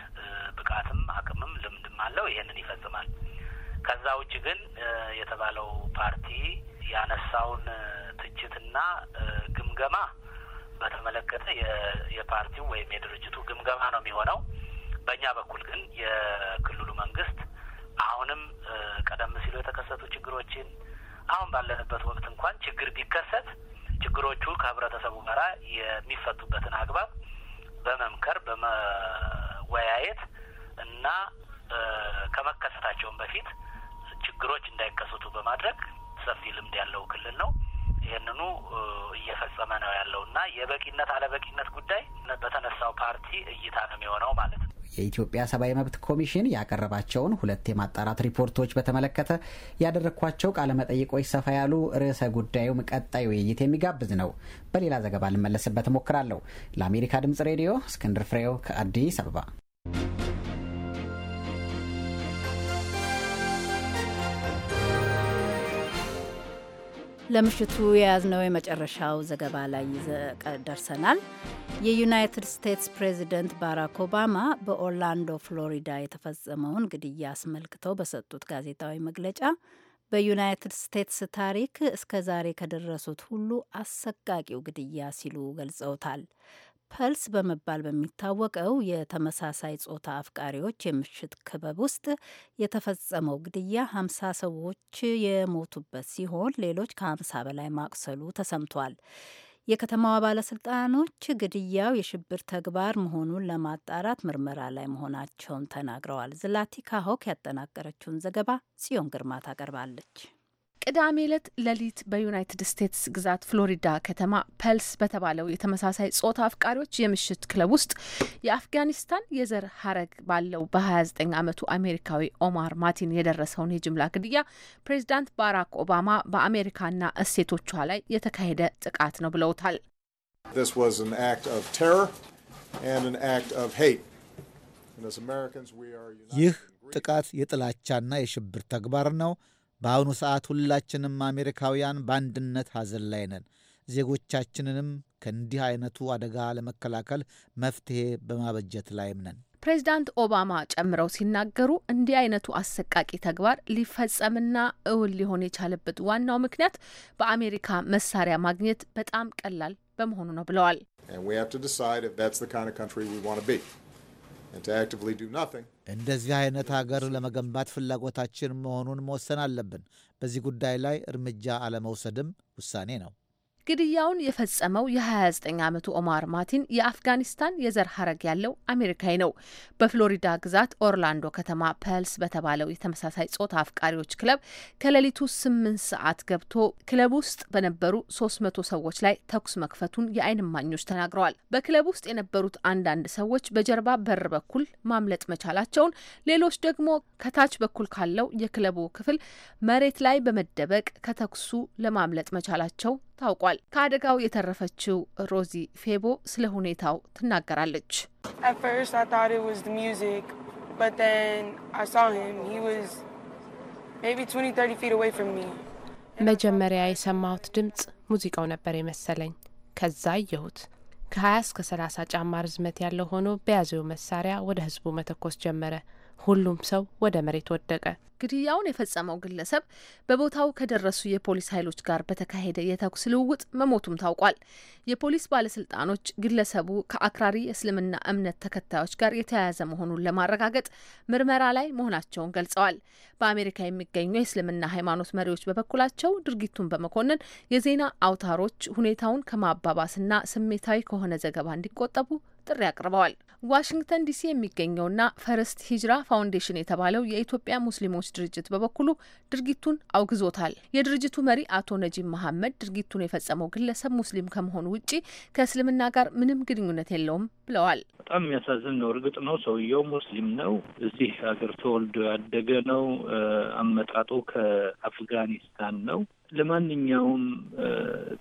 ብቃትም አቅምም ልምድም አለው። ይሄንን ይፈጽማል። ከዛ ውጭ ግን የተባለው ፓርቲ ያነሳውን ትችትና ግምገማ በተመለከተ የፓርቲው ወይም የድርጅቱ ግምገማ ነው የሚሆነው። በእኛ በኩል ግን የክልሉ መንግስት አሁንም ቀደም ሲሉ የተከሰቱ ችግሮችን አሁን ባለንበት ወቅት እንኳን ችግር ቢከሰት ችግሮቹ ከህብረተሰቡ ጋር የሚፈቱበትን አግባብ በመምከር በመወያየት እና ከመከሰታቸውም በፊት ችግሮች እንዳይከሰቱ በማድረግ ሰፊ ልምድ ያለው ክልል ነው። ይህንኑ እየፈጸመ ነው ያለው እና የበቂነት አለበቂነት ጉዳይ በተነሳው ፓርቲ እይታ ነው የሚሆነው ማለት ነው። የኢትዮጵያ ሰብአዊ መብት ኮሚሽን ያቀረባቸውን ሁለት የማጣራት ሪፖርቶች በተመለከተ ያደረግኳቸው ቃለመጠይቆች ሰፋ ያሉ ርዕሰ ጉዳዩም ቀጣይ ውይይት የሚጋብዝ ነው። በሌላ ዘገባ ልመለስበት እሞክራለሁ። ለአሜሪካ ድምጽ ሬዲዮ እስክንድር ፍሬው ከአዲስ አበባ ለምሽቱ የያዝነው የመጨረሻው ዘገባ ላይ ደርሰናል። የዩናይትድ ስቴትስ ፕሬዚደንት ባራክ ኦባማ በኦርላንዶ ፍሎሪዳ የተፈጸመውን ግድያ አስመልክተው በሰጡት ጋዜጣዊ መግለጫ በዩናይትድ ስቴትስ ታሪክ እስከ ዛሬ ከደረሱት ሁሉ አሰቃቂው ግድያ ሲሉ ገልጸውታል። ፐልስ በመባል በሚታወቀው የተመሳሳይ ጾታ አፍቃሪዎች የምሽት ክበብ ውስጥ የተፈጸመው ግድያ 50 ሰዎች የሞቱበት ሲሆን ሌሎች ከ50 በላይ ማቁሰሉ ተሰምቷል። የከተማዋ ባለስልጣኖች ግድያው የሽብር ተግባር መሆኑን ለማጣራት ምርመራ ላይ መሆናቸውን ተናግረዋል። ዝላቲካ ሆክ ያጠናቀረችውን ዘገባ ጽዮን ግርማ ታቀርባለች። ቅዳሜ ዕለት ሌሊት በዩናይትድ ስቴትስ ግዛት ፍሎሪዳ ከተማ ፐልስ በተባለው የተመሳሳይ ጾታ አፍቃሪዎች የምሽት ክለብ ውስጥ የአፍጋኒስታን የዘር ሀረግ ባለው በ29 ዓመቱ አሜሪካዊ ኦማር ማቲን የደረሰውን የጅምላ ግድያ ፕሬዚዳንት ባራክ ኦባማ በአሜሪካና እሴቶቿ ላይ የተካሄደ ጥቃት ነው ብለውታል። ይህ ጥቃት የጥላቻና የሽብር ተግባር ነው። በአሁኑ ሰዓት ሁላችንም አሜሪካውያን በአንድነት ሐዘን ላይ ነን። ዜጎቻችንንም ከእንዲህ አይነቱ አደጋ ለመከላከል መፍትሄ በማበጀት ላይም ነን። ፕሬዚዳንት ኦባማ ጨምረው ሲናገሩ እንዲህ አይነቱ አሰቃቂ ተግባር ሊፈጸምና እውን ሊሆን የቻለበት ዋናው ምክንያት በአሜሪካ መሳሪያ ማግኘት በጣም ቀላል በመሆኑ ነው ብለዋል። እንደዚህ አይነት ሀገር ለመገንባት ፍላጎታችን መሆኑን መወሰን አለብን። በዚህ ጉዳይ ላይ እርምጃ አለመውሰድም ውሳኔ ነው። ግድያውን የፈጸመው የ29 ዓመቱ ኦማር ማቲን የአፍጋኒስታን የዘር ሀረግ ያለው አሜሪካዊ ነው። በፍሎሪዳ ግዛት ኦርላንዶ ከተማ ፐልስ በተባለው የተመሳሳይ ጾታ አፍቃሪዎች ክለብ ከሌሊቱ 8 ሰዓት ገብቶ ክለብ ውስጥ በነበሩ 300 ሰዎች ላይ ተኩስ መክፈቱን የአይን እማኞች ተናግረዋል። በክለብ ውስጥ የነበሩት አንዳንድ ሰዎች በጀርባ በር በኩል ማምለጥ መቻላቸውን፣ ሌሎች ደግሞ ከታች በኩል ካለው የክለቡ ክፍል መሬት ላይ በመደበቅ ከተኩሱ ለማምለጥ መቻላቸው ታውቋል። ከአደጋው የተረፈችው ሮዚ ፌቦ ስለ ሁኔታው ትናገራለች። መጀመሪያ የሰማሁት ድምጽ ሙዚቃው ነበር የመሰለኝ። ከዛ አየሁት። ከ20 እስከ 30 ጫማ ርዝመት ያለው ሆኖ በያዘው መሳሪያ ወደ ህዝቡ መተኮስ ጀመረ። ሁሉም ሰው ወደ መሬት ወደቀ። ግድያውን የፈጸመው ግለሰብ በቦታው ከደረሱ የፖሊስ ኃይሎች ጋር በተካሄደ የተኩስ ልውውጥ መሞቱም ታውቋል። የፖሊስ ባለስልጣኖች ግለሰቡ ከአክራሪ የእስልምና እምነት ተከታዮች ጋር የተያያዘ መሆኑን ለማረጋገጥ ምርመራ ላይ መሆናቸውን ገልጸዋል። በአሜሪካ የሚገኙ የእስልምና ሃይማኖት መሪዎች በበኩላቸው ድርጊቱን በመኮንን የዜና አውታሮች ሁኔታውን ከማባባስና ስሜታዊ ከሆነ ዘገባ እንዲቆጠቡ ጥሪ አቅርበዋል። ዋሽንግተን ዲሲ የሚገኘውና ፈርስት ሂጅራ ፋውንዴሽን የተባለው የኢትዮጵያ ሙስሊሞች ድርጅት በበኩሉ ድርጊቱን አውግዞታል። የድርጅቱ መሪ አቶ ነጂብ መሐመድ ድርጊቱን የፈጸመው ግለሰብ ሙስሊም ከመሆኑ ውጪ ከእስልምና ጋር ምንም ግንኙነት የለውም ብለዋል። በጣም የሚያሳዝን ነው። እርግጥ ነው ሰውየው ሙስሊም ነው። እዚህ ሀገር ተወልዶ ያደገ ነው። አመጣጡ ከአፍጋኒስታን ነው። ለማንኛውም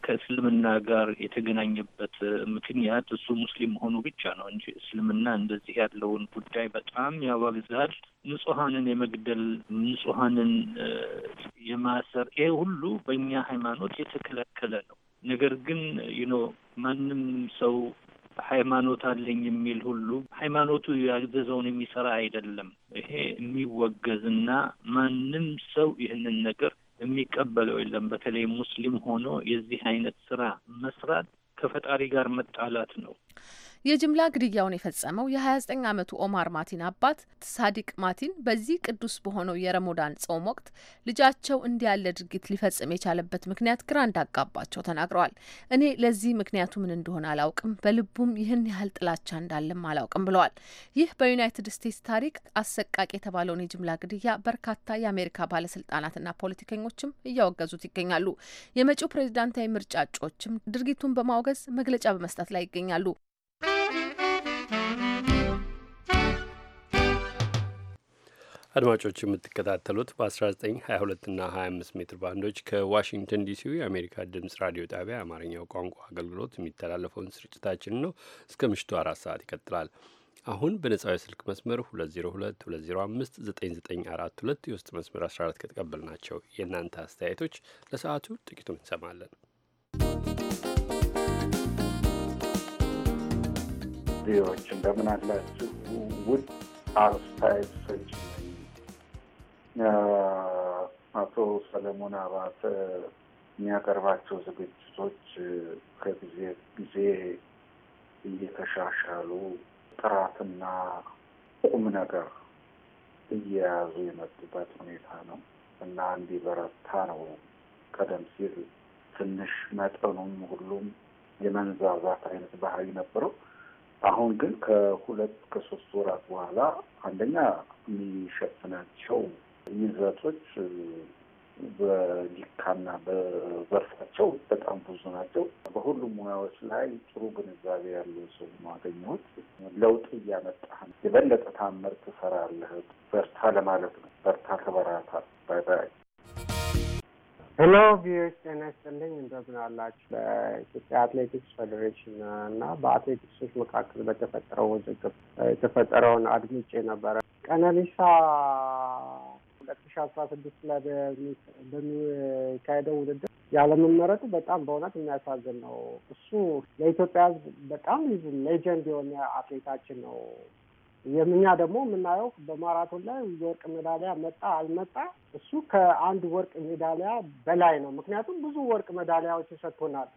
ከእስልምና ጋር የተገናኘበት ምክንያት እሱ ሙስሊም መሆኑ ብቻ ነው እንጂ እስልምና እንደዚህ ያለውን ጉዳይ በጣም ያዋግዛል። ንጹሐንን የመግደል ንጹሐንን የማሰር ይሄ ሁሉ በእኛ ሃይማኖት የተከለከለ ነው። ነገር ግን ዩኖ ማንም ሰው ሃይማኖት አለኝ የሚል ሁሉ ሃይማኖቱ ያዘዘውን የሚሰራ አይደለም። ይሄ የሚወገዝና ማንም ሰው ይህንን ነገር የሚቀበለው የለም። በተለይ ሙስሊም ሆኖ የዚህ አይነት ስራ መስራት ከፈጣሪ ጋር መጣላት ነው። የጅምላ ግድያውን የፈጸመው የ29 ዓመቱ ኦማር ማቲን አባት ሳዲቅ ማቲን በዚህ ቅዱስ በሆነው የረሞዳን ጾም ወቅት ልጃቸው እንዲህ ያለ ድርጊት ሊፈጽም የቻለበት ምክንያት ግራ እንዳጋባቸው ተናግረዋል። እኔ ለዚህ ምክንያቱ ምን እንደሆነ አላውቅም፣ በልቡም ይህን ያህል ጥላቻ እንዳለም አላውቅም ብለዋል። ይህ በዩናይትድ ስቴትስ ታሪክ አሰቃቂ የተባለውን የጅምላ ግድያ በርካታ የአሜሪካ ባለስልጣናትና ፖለቲከኞችም እያወገዙት ይገኛሉ። የመጪው ፕሬዚዳንታዊ ምርጫ እጩዎችም ድርጊቱን በማውገዝ መግለጫ በመስጠት ላይ ይገኛሉ። አድማጮች የምትከታተሉት በ1922 እና 25 ሜትር ባንዶች ከዋሽንግተን ዲሲ የአሜሪካ ድምፅ ራዲዮ ጣቢያ የአማርኛው ቋንቋ አገልግሎት የሚተላለፈውን ስርጭታችን ነው። እስከ ምሽቱ አራት ሰዓት ይቀጥላል። አሁን በነጻው የስልክ መስመር 2022059942 የውስጥ መስመር 14 ከተቀበል ናቸው። የእናንተ አስተያየቶች ለሰዓቱ ጥቂቱን እንሰማለን። ዎች እንደምን አላችሁ ውድ አስተያየት ሰጭ አቶ ሰለሞን አባተ የሚያቀርባቸው ዝግጅቶች ከጊዜ ጊዜ እየተሻሻሉ ጥራትና ቁም ነገር እየያዙ የመጡበት ሁኔታ ነው እና እንዲበረታ ነው። ቀደም ሲል ትንሽ መጠኑም ሁሉም የመንዛዛት አይነት ባህሪ ነበረው። አሁን ግን ከሁለት ከሶስት ወራት በኋላ አንደኛ የሚሸፍናቸው ይዘቶች በዲካና በበርሳቸው በጣም ብዙ ናቸው። በሁሉም ሙያዎች ላይ ጥሩ ግንዛቤ ያለው ሰው ማገኘት ለውጥ እያመጣ የበለጠ ታምር ትሰራለህ፣ በርታ ለማለት ነው። በርታ ተበራታ። ባይ ባይ። ሄሎ ቪዎች ጤና ይስጥልኝ፣ እንደምን አላችሁ? በኢትዮጵያ አትሌቲክስ ፌዴሬሽን እና በአትሌቲክሶች መካከል በተፈጠረው ውዝግብ የተፈጠረውን አድምጬ ነበረ ቀነኒሳ ሁለት ሺ አስራ ስድስት ላይ በሚካሄደው ውድድር ያለመመረጡ በጣም በእውነት የሚያሳዝን ነው። እሱ ለኢትዮጵያ ሕዝብ በጣም ሌጀንድ የሆነ አትሌታችን ነው። የምኛ ደግሞ የምናየው በማራቶን ላይ የወርቅ ሜዳሊያ መጣ አልመጣ እሱ ከአንድ ወርቅ ሜዳሊያ በላይ ነው። ምክንያቱም ብዙ ወርቅ ሜዳሊያዎች ሰጥቶናል።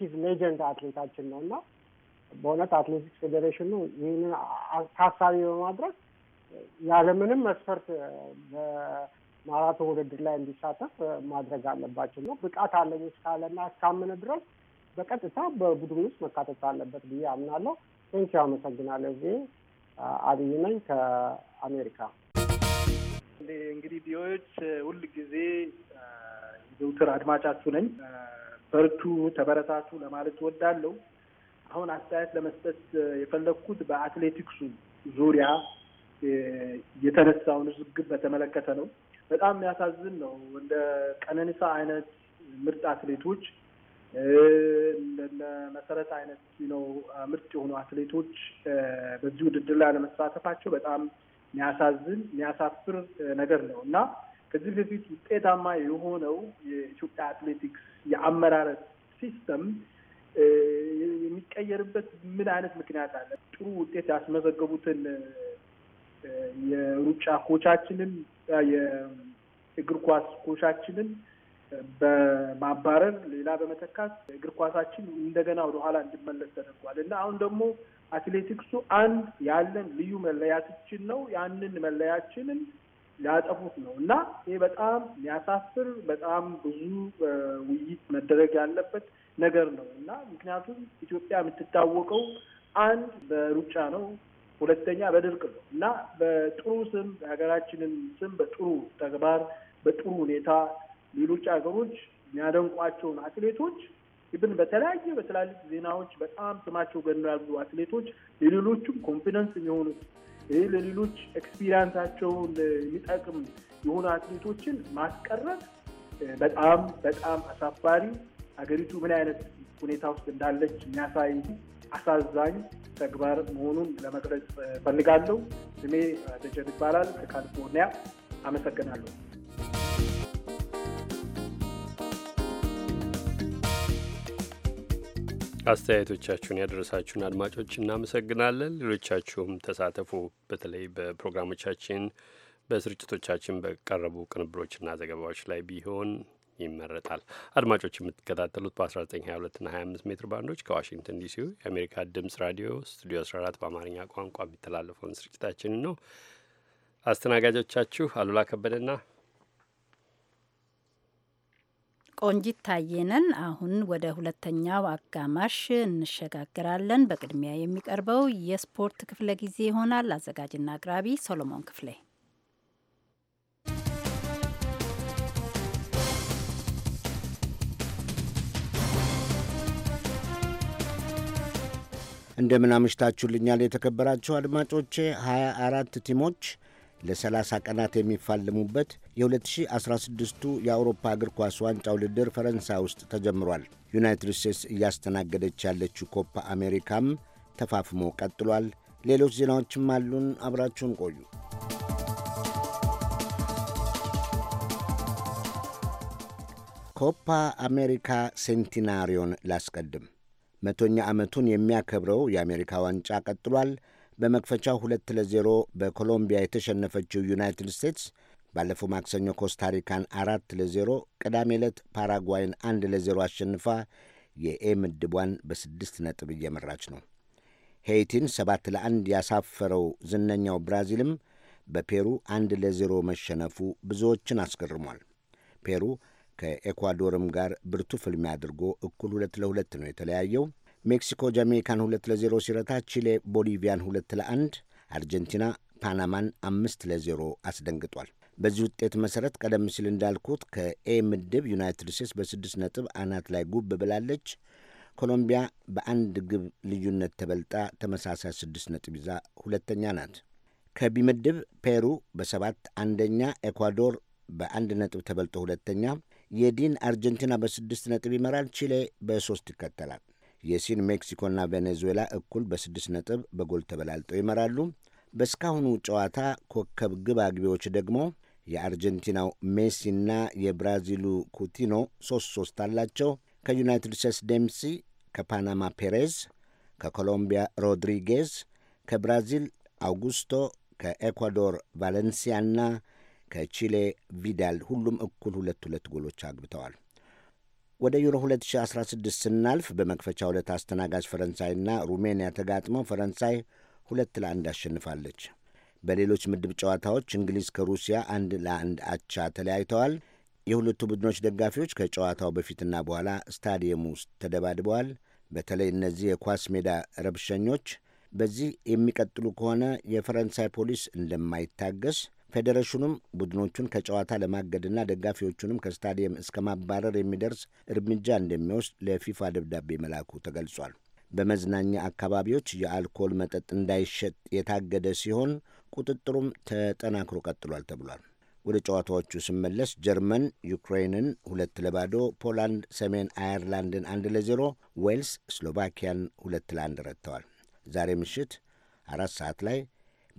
ሂዝ ሌጀንድ አትሌታችን ነው እና በእውነት አትሌቲክስ ፌዴሬሽኑ ይህንን ታሳቢ በማድረግ ያለምንም መስፈርት በማራቶን ውድድር ላይ እንዲሳተፍ ማድረግ አለባቸው ነው። ብቃት አለኝ እስካለና እስካምን ድረስ በቀጥታ በቡድን ውስጥ መካተት አለበት ብዬ አምናለሁ። ቴንኪ አመሰግናለሁ። ዜ አብይ ነኝ ከአሜሪካ። እንግዲህ ቢዎች ሁል ጊዜ ዘውትር አድማጫችሁ ነኝ። በርቱ፣ ተበረታቱ ለማለት እወዳለሁ። አሁን አስተያየት ለመስጠት የፈለግኩት በአትሌቲክሱ ዙሪያ የተነሳውን ውዝግብ በተመለከተ ነው። በጣም የሚያሳዝን ነው። እንደ ቀነኒሳ አይነት ምርጥ አትሌቶች መሰረት አይነት ነው ምርጥ የሆኑ አትሌቶች በዚህ ውድድር ላይ አለመሳተፋቸው በጣም የሚያሳዝን የሚያሳፍር ነገር ነው እና ከዚህ በፊት ውጤታማ የሆነው የኢትዮጵያ አትሌቲክስ የአመራረት ሲስተም የሚቀየርበት ምን አይነት ምክንያት አለ? ጥሩ ውጤት ያስመዘገቡትን የሩጫ ኮቻችንን የእግር ኳስ ኮቻችንን በማባረር ሌላ በመተካት እግር ኳሳችን እንደገና ወደኋላ እንዲመለስ ተደርጓል እና አሁን ደግሞ አትሌቲክሱ አንድ ያለን ልዩ መለያችን ነው። ያንን መለያችንን ሊያጠፉት ነው እና ይህ በጣም የሚያሳፍር በጣም ብዙ ውይይት መደረግ ያለበት ነገር ነው እና ምክንያቱም ኢትዮጵያ የምትታወቀው አንድ በሩጫ ነው። ሁለተኛ በድርቅ ነው እና በጥሩ ስም የሀገራችንን ስም በጥሩ ተግባር በጥሩ ሁኔታ ሌሎች ሀገሮች የሚያደንቋቸውን አትሌቶች ግን በተለያየ በትላልቅ ዜናዎች በጣም ስማቸው ገና ያሉ አትሌቶች ለሌሎቹም ኮንፊደንስ የሚሆኑት ይህ ለሌሎች ኤክስፒሪንሳቸውን የሚጠቅም የሆኑ አትሌቶችን ማስቀረት በጣም በጣም አሳፋሪ ሀገሪቱ ምን አይነት ሁኔታ ውስጥ እንዳለች የሚያሳይ አሳዛኝ ተግባር መሆኑን ለመግለጽ ፈልጋለሁ። ስሜ ደጀን ይባላል ከካሊፎርኒያ። አመሰግናለሁ። አስተያየቶቻችሁን ያደረሳችሁን አድማጮች እናመሰግናለን። ሌሎቻችሁም ተሳተፉ። በተለይ በፕሮግራሞቻችን በስርጭቶቻችን በቀረቡ ቅንብሮችና ዘገባዎች ላይ ቢሆን ይመረጣል። አድማጮች የምትከታተሉት በ1922 እና 25 ሜትር ባንዶች ከዋሽንግተን ዲሲ የአሜሪካ ድምጽ ራዲዮ ስቱዲዮ 14 በአማርኛ ቋንቋ የሚተላለፈውን ስርጭታችን ነው። አስተናጋጆቻችሁ አሉላ ከበደና ቆንጂት ታየነን። አሁን ወደ ሁለተኛው አጋማሽ እንሸጋግራለን። በቅድሚያ የሚቀርበው የስፖርት ክፍለ ጊዜ ይሆናል። አዘጋጅና አቅራቢ ሶሎሞን ክፍሌ እንደምን አምሽታችሁልኛል የተከበራችሁ አድማጮቼ። 24 ቲሞች ለ30 ቀናት የሚፋለሙበት የ2016ቱ የአውሮፓ እግር ኳስ ዋንጫ ውድድር ፈረንሳይ ውስጥ ተጀምሯል። ዩናይትድ ስቴትስ እያስተናገደች ያለችው ኮፓ አሜሪካም ተፋፍሞ ቀጥሏል። ሌሎች ዜናዎችም አሉን። አብራችሁን ቆዩ። ኮፓ አሜሪካ ሴንቲናሪዮን ላስቀድም። መቶኛ ዓመቱን የሚያከብረው የአሜሪካ ዋንጫ ቀጥሏል። በመክፈቻው ሁለት ለዜሮ በኮሎምቢያ የተሸነፈችው ዩናይትድ ስቴትስ ባለፈው ማክሰኞ ኮስታሪካን አራት ለዜሮ፣ ቅዳሜ ዕለት ፓራጓይን አንድ ለዜሮ አሸንፋ የኤ ምድቧን በስድስት ነጥብ እየመራች ነው። ሄይቲን ሰባት ለአንድ ያሳፈረው ዝነኛው ብራዚልም በፔሩ አንድ ለዜሮ መሸነፉ ብዙዎችን አስገርሟል። ፔሩ ከኤኳዶርም ጋር ብርቱ ፍልሚያ አድርጎ እኩል ሁለት ለሁለት ነው የተለያየው። ሜክሲኮ ጃሜይካን ሁለት ለዜሮ ሲረታ፣ ቺሌ ቦሊቪያን ሁለት ለአንድ፣ አርጀንቲና ፓናማን አምስት ለዜሮ አስደንግጧል። በዚህ ውጤት መሠረት ቀደም ሲል እንዳልኩት ከኤ ምድብ ዩናይትድ ስቴትስ በስድስት ነጥብ አናት ላይ ጉብ ብላለች። ኮሎምቢያ በአንድ ግብ ልዩነት ተበልጣ ተመሳሳይ ስድስት ነጥብ ይዛ ሁለተኛ ናት። ከቢ ምድብ ፔሩ በሰባት አንደኛ፣ ኤኳዶር በአንድ ነጥብ ተበልጦ ሁለተኛ፣ የዲን አርጀንቲና በስድስት ነጥብ ይመራል። ቺሌ በሶስት ይከተላል። የሲን ሜክሲኮና ቬኔዙዌላ እኩል በስድስት ነጥብ በጎል ተበላልጠው ይመራሉ። በእስካሁኑ ጨዋታ ኮከብ ግብ አግቢዎች ደግሞ የአርጀንቲናው ሜሲና የብራዚሉ ኩቲኖ ሶስት ሶስት አላቸው። ከዩናይትድ ስቴትስ ደምሲ፣ ከፓናማ ፔሬዝ፣ ከኮሎምቢያ ሮድሪጌዝ፣ ከብራዚል አውጉስቶ፣ ከኤኳዶር ቫሌንሲያና ከቺሌ ቪዳል ሁሉም እኩል ሁለት ሁለት ጎሎች አግብተዋል። ወደ ዩሮ 2016 ስናልፍ በመክፈቻ ሁለት አስተናጋጅ ፈረንሳይና ሩሜንያ ተጋጥመው ፈረንሳይ ሁለት ለአንድ አሸንፋለች። በሌሎች ምድብ ጨዋታዎች እንግሊዝ ከሩሲያ አንድ ለአንድ አቻ ተለያይተዋል። የሁለቱ ቡድኖች ደጋፊዎች ከጨዋታው በፊትና በኋላ ስታዲየም ውስጥ ተደባድበዋል። በተለይ እነዚህ የኳስ ሜዳ ረብሸኞች በዚህ የሚቀጥሉ ከሆነ የፈረንሳይ ፖሊስ እንደማይታገስ ፌዴሬሽኑም ቡድኖቹን ከጨዋታ ለማገድና ደጋፊዎቹንም ከስታዲየም እስከ ማባረር የሚደርስ እርምጃ እንደሚወስድ ለፊፋ ደብዳቤ መላኩ ተገልጿል። በመዝናኛ አካባቢዎች የአልኮል መጠጥ እንዳይሸጥ የታገደ ሲሆን ቁጥጥሩም ተጠናክሮ ቀጥሏል ተብሏል። ወደ ጨዋታዎቹ ስመለስ ጀርመን ዩክሬንን ሁለት ለባዶ፣ ፖላንድ ሰሜን አየርላንድን አንድ ለዜሮ፣ ዌልስ ስሎቫኪያን ሁለት ለአንድ ረትተዋል። ዛሬ ምሽት አራት ሰዓት ላይ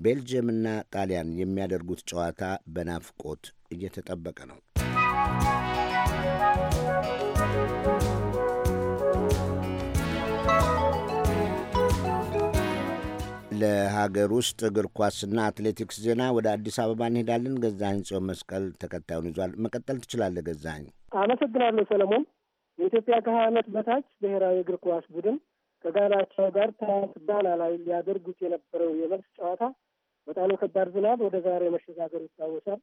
ቤልጅየምና ጣሊያን የሚያደርጉት ጨዋታ በናፍቆት እየተጠበቀ ነው። ለሀገር ውስጥ እግር ኳስና አትሌቲክስ ዜና ወደ አዲስ አበባ እንሄዳለን። ገዛኸኝ ጽዮን መስቀል ተከታዩን ይዟል። መቀጠል ትችላለህ ገዛኸኝ። አመሰግናለሁ ሰለሞን። የኢትዮጵያ ከሀያ ዓመት በታች ብሔራዊ እግር ኳስ ቡድን ከጋናቸው ጋር ትናንት ጋና ላይ ሊያደርጉት የነበረው የመልስ ጨዋታ በጣም ከባድ ዝናብ ወደ ዛሬ መሸጋገሩ ይታወሳል።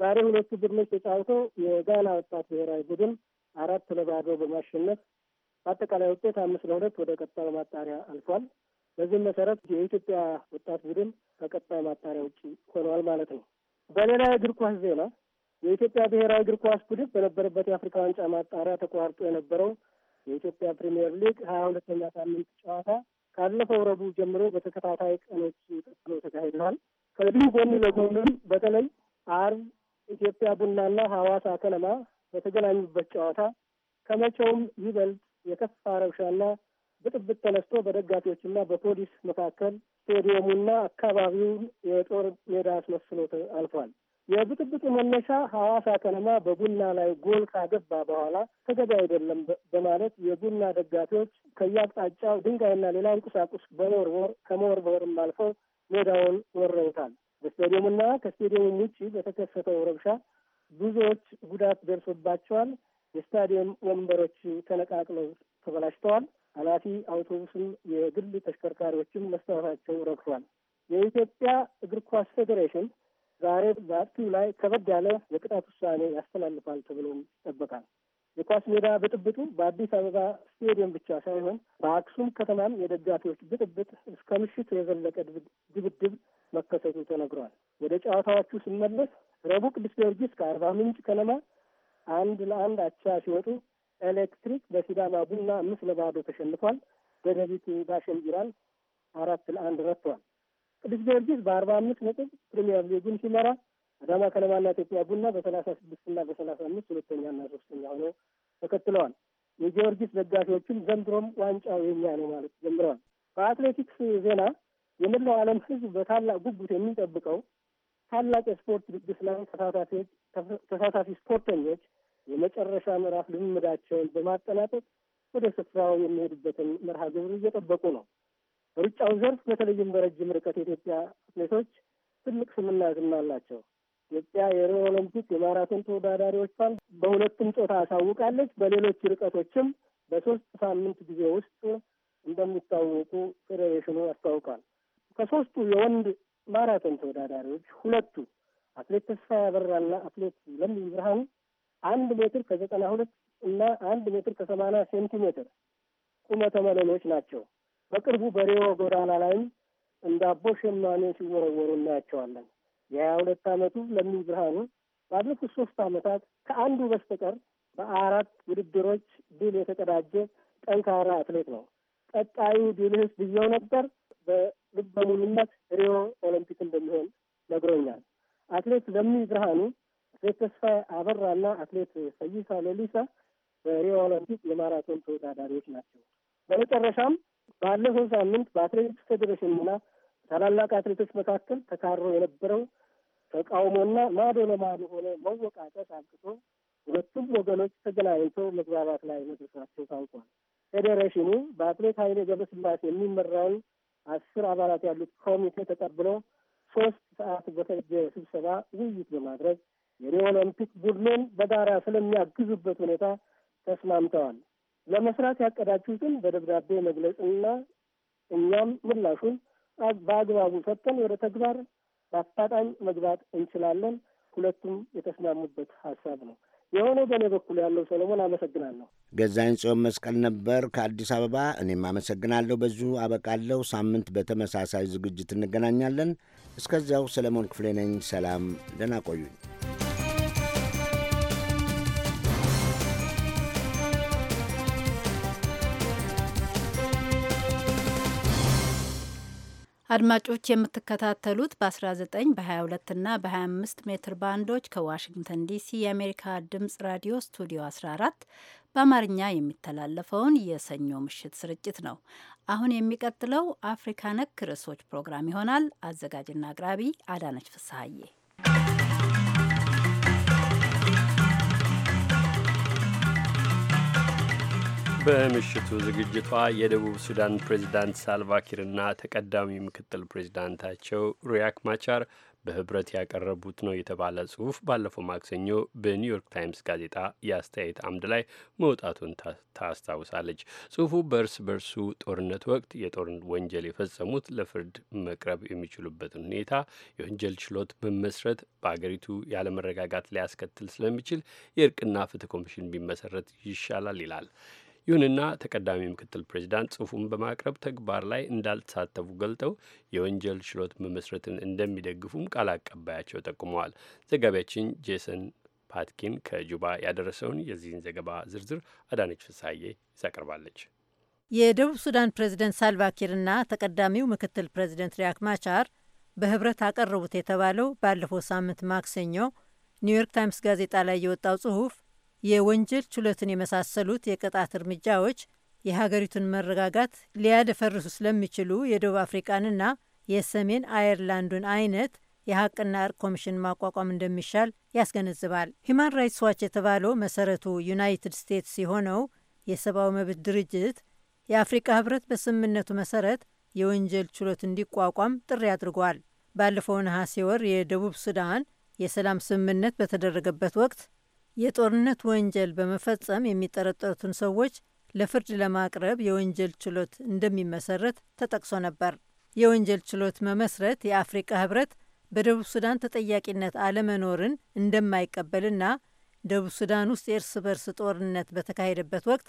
ዛሬ ሁለቱ ቡድኖች ተጫውተው የጋና ወጣት ብሔራዊ ቡድን አራት ለባዶ በማሸነፍ በአጠቃላይ ውጤት አምስት ለሁለት ወደ ቀጣዩ ማጣሪያ አልፏል። በዚህም መሰረት የኢትዮጵያ ወጣት ቡድን ከቀጣይ ማጣሪያ ውጭ ሆነዋል ማለት ነው። በሌላ የእግር ኳስ ዜና የኢትዮጵያ ብሔራዊ እግር ኳስ ቡድን በነበረበት የአፍሪካ ዋንጫ ማጣሪያ ተቋርጦ የነበረው የኢትዮጵያ ፕሪምየር ሊግ ሀያ ሁለተኛ ሳምንት ጨዋታ ካለፈው ረቡዕ ጀምሮ በተከታታይ ቀኖች ቀጥሎ ተካሂደዋል። ከዚህ ጎን ለጎንም በተለይ አርብ ኢትዮጵያ ቡናና ሐዋሳ ከነማ በተገናኙበት ጨዋታ ከመቼውም ይበልጥ የከፋ ረብሻና ብጥብጥ ተነስቶ በደጋፊዎችና በፖሊስ መካከል ስቴዲየሙና አካባቢውን የጦር ሜዳ አስመስሎ አልፏል። የብጥብጡ መነሻ ሐዋሳ ከነማ በቡና ላይ ጎል ካገባ በኋላ ተገቢ አይደለም በማለት የቡና ደጋፊዎች ከየአቅጣጫው ድንጋይና ሌላ እንቁሳቁስ በመወርወር ከመወርወርም አልፈው ሜዳውን ወረውታል። በስቴዲየሙና ከስቴዲየሙ ውጭ በተከሰተው ረብሻ ብዙዎች ጉዳት ደርሶባቸዋል። የስታዲየም ወንበሮች ተነቃቅለው ተበላሽተዋል። ኃላፊ አውቶቡስም የግል ተሽከርካሪዎችም መስታወታቸው ረግፏል። የኢትዮጵያ እግር ኳስ ፌዴሬሽን ዛሬ በአጥቂው ላይ ከበድ ያለ የቅጣት ውሳኔ ያስተላልፋል ተብሎም ይጠበቃል። የኳስ ሜዳ ብጥብጡ በአዲስ አበባ ስቴዲየም ብቻ ሳይሆን በአክሱም ከተማም የደጋፊዎች ብጥብጥ እስከ ምሽት የዘለቀ ድብድብ መከሰቱ ተነግሯል። ወደ ጨዋታዎቹ ሲመለስ ረቡዕ ቅዱስ ጊዮርጊስ ከአርባ ምንጭ ከነማ አንድ ለአንድ አቻ ሲወጡ፣ ኤሌክትሪክ በሲዳማ ቡና አምስት ለባዶ ተሸንፏል። ደደቢት ዳሸን ቢራን አራት ለአንድ ረትቷል። ቅዱስ ጊዮርጊስ በአርባ አምስት ነጥብ ፕሪሚየር ሊጉን ሲመራ አዳማ ከነማና ኢትዮጵያ ቡና በሰላሳ ና በሰላሳ አምስት ሁለተኛና ሶስተኛ ሆነው ተከትለዋል። የጊዮርጊስ ደጋፊዎችም ዘንድሮም ዋንጫው የኛ ነው ማለት ጀምረዋል። በአትሌቲክስ ዜና የመላው ዓለም ሕዝብ በታላቅ ጉጉት የሚጠብቀው ታላቅ የስፖርት ድግስ ላይ ተሳታፊዎች ተሳታፊ ስፖርተኞች የመጨረሻ ምዕራፍ ልምምዳቸውን በማጠናቀቅ ወደ ስፍራው የሚሄዱበትን መርሃ ግብር እየጠበቁ ነው። በሩጫው ዘርፍ በተለይም በረጅም ርቀት የኢትዮጵያ አትሌቶች ትልቅ ስምና ዝና አላቸው። ኢትዮጵያ የሪዮ ኦሎምፒክ የማራቶን ተወዳዳሪዎቿን በሁለቱም ጾታ አሳውቃለች። በሌሎች ርቀቶችም በሶስት ሳምንት ጊዜ ውስጥ እንደሚታወቁ ፌዴሬሽኑ አስታውቋል። ከሶስቱ የወንድ ማራቶን ተወዳዳሪዎች ሁለቱ አትሌት ተስፋ ያበራና አትሌት ለም ብርሃኑ አንድ ሜትር ከዘጠና ሁለት እና አንድ ሜትር ከሰማንያ ሴንቲሜትር ቁመተ መለሎች ናቸው። በቅርቡ በሬዎ ጎዳና ላይም አቦ ሸማኔ ሲወረወሩ እናያቸዋለን። የሀያ ሁለት ዓመቱ ለሚ ብርሃኑ ባለፉት ሶስት ዓመታት ከአንዱ በስተቀር በአራት ውድድሮች ድል የተቀዳጀ ጠንካራ አትሌት ነው። ቀጣዩ ድልህስ ብየው ነበር በልበ ሙሉነት ሪዮ ኦሎምፒክ እንደሚሆን ነግሮኛል። አትሌት ለሚ ብርሃኑ፣ አትሌት ተስፋዬ አበራና አትሌት ፈይሳ ሌሊሳ በሪዮ ኦሎምፒክ የማራቶን ተወዳዳሪዎች ናቸው። በመጨረሻም ባለፈው ሳምንት በአትሌቲክስ ፌዴሬሽንና ታላላቅ አትሌቶች መካከል ተካሮ የነበረው ተቃውሞና ማዶ ለማዶ ሆነ መወቃቀስ አብቅቶ ሁለቱም ወገኖች ተገናኝቶ መግባባት ላይ መድረሳቸው ታውቋል። ፌዴሬሽኑ በአትሌት ኃይሌ ገብረስላሴ የሚመራውን አስር አባላት ያሉት ኮሚቴ ተቀብሎ ሶስት ሰዓት በፈጀ ስብሰባ ውይይት በማድረግ የሪዮ ኦሎምፒክ ቡድኑን በጋራ ስለሚያግዙበት ሁኔታ ተስማምተዋል። ለመስራት ያቀዳችሁትን በደብዳቤ መግለጽና እኛም ምላሹን በአግባቡ ሰጥተን ወደ ተግባር በአፋጣኝ መግባት እንችላለን። ሁለቱም የተስማሙበት ሀሳብ ነው የሆነ በእኔ በኩል ያለው። ሰለሞን አመሰግናለሁ። ገዛኝ ጽዮን መስቀል ነበር ከአዲስ አበባ። እኔም አመሰግናለሁ። በዚሁ አበቃለሁ። ሳምንት በተመሳሳይ ዝግጅት እንገናኛለን። እስከዚያው ሰለሞን ክፍሌ ነኝ። ሰላም፣ ደህና ቆዩኝ። አድማጮች የምትከታተሉት በ19 በ22 እና በ25 ሜትር ባንዶች ከዋሽንግተን ዲሲ የአሜሪካ ድምፅ ራዲዮ ስቱዲዮ 14 በአማርኛ የሚተላለፈውን የሰኞ ምሽት ስርጭት ነው። አሁን የሚቀጥለው አፍሪካ ነክ ርዕሶች ፕሮግራም ይሆናል። አዘጋጅና አቅራቢ አዳነች ፍስሐዬ በምሽቱ ዝግጅቷ የደቡብ ሱዳን ፕሬዚዳንት ሳልቫኪርና ተቀዳሚ ምክትል ፕሬዚዳንታቸው ሪያክ ማቻር በህብረት ያቀረቡት ነው የተባለ ጽሁፍ ባለፈው ማክሰኞ በኒውዮርክ ታይምስ ጋዜጣ የአስተያየት አምድ ላይ መውጣቱን ታስታውሳለች። ጽሁፉ በእርስ በርሱ ጦርነት ወቅት የጦር ወንጀል የፈጸሙት ለፍርድ መቅረብ የሚችሉበትን ሁኔታ የወንጀል ችሎት መመስረት በአገሪቱ ያለመረጋጋት ሊያስከትል ስለሚችል የእርቅና ፍትህ ኮሚሽን ቢመሰረት ይሻላል ይላል። ይሁንና ተቀዳሚ ምክትል ፕሬዚዳንት ጽሁፉን በማቅረብ ተግባር ላይ እንዳልተሳተፉ ገልጠው የወንጀል ችሎት መመስረትን እንደሚደግፉም ቃል አቀባያቸው ጠቁመዋል። ዘጋቢያችን ጄሰን ፓትኪን ከጁባ ያደረሰውን የዚህን ዘገባ ዝርዝር አዳነች ፍሳዬ ይዛቀርባለች። የደቡብ ሱዳን ፕሬዚደንት ሳልቫኪርና ተቀዳሚው ምክትል ፕሬዚደንት ሪያክ ማቻር በህብረት አቀረቡት የተባለው ባለፈው ሳምንት ማክሰኞ ኒውዮርክ ታይምስ ጋዜጣ ላይ የወጣው ጽሁፍ የወንጀል ችሎትን የመሳሰሉት የቅጣት እርምጃዎች የሀገሪቱን መረጋጋት ሊያደፈርሱ ስለሚችሉ የደቡብ አፍሪቃንና የሰሜን አየርላንዱን አይነት የሀቅና እርቅ ኮሚሽን ማቋቋም እንደሚሻል ያስገነዝባል። ሂማን ራይትስ ዋች የተባለው መሰረቱ ዩናይትድ ስቴትስ የሆነው የሰብአዊ መብት ድርጅት የአፍሪቃ ህብረት በስምምነቱ መሰረት የወንጀል ችሎት እንዲቋቋም ጥሪ አድርጓል። ባለፈው ነሐሴ ወር የደቡብ ሱዳን የሰላም ስምምነት በተደረገበት ወቅት የጦርነት ወንጀል በመፈጸም የሚጠረጠሩትን ሰዎች ለፍርድ ለማቅረብ የወንጀል ችሎት እንደሚመሰረት ተጠቅሶ ነበር። የወንጀል ችሎት መመስረት የአፍሪካ ህብረት በደቡብ ሱዳን ተጠያቂነት አለመኖርን እንደማይቀበልና ደቡብ ሱዳን ውስጥ የእርስ በርስ ጦርነት በተካሄደበት ወቅት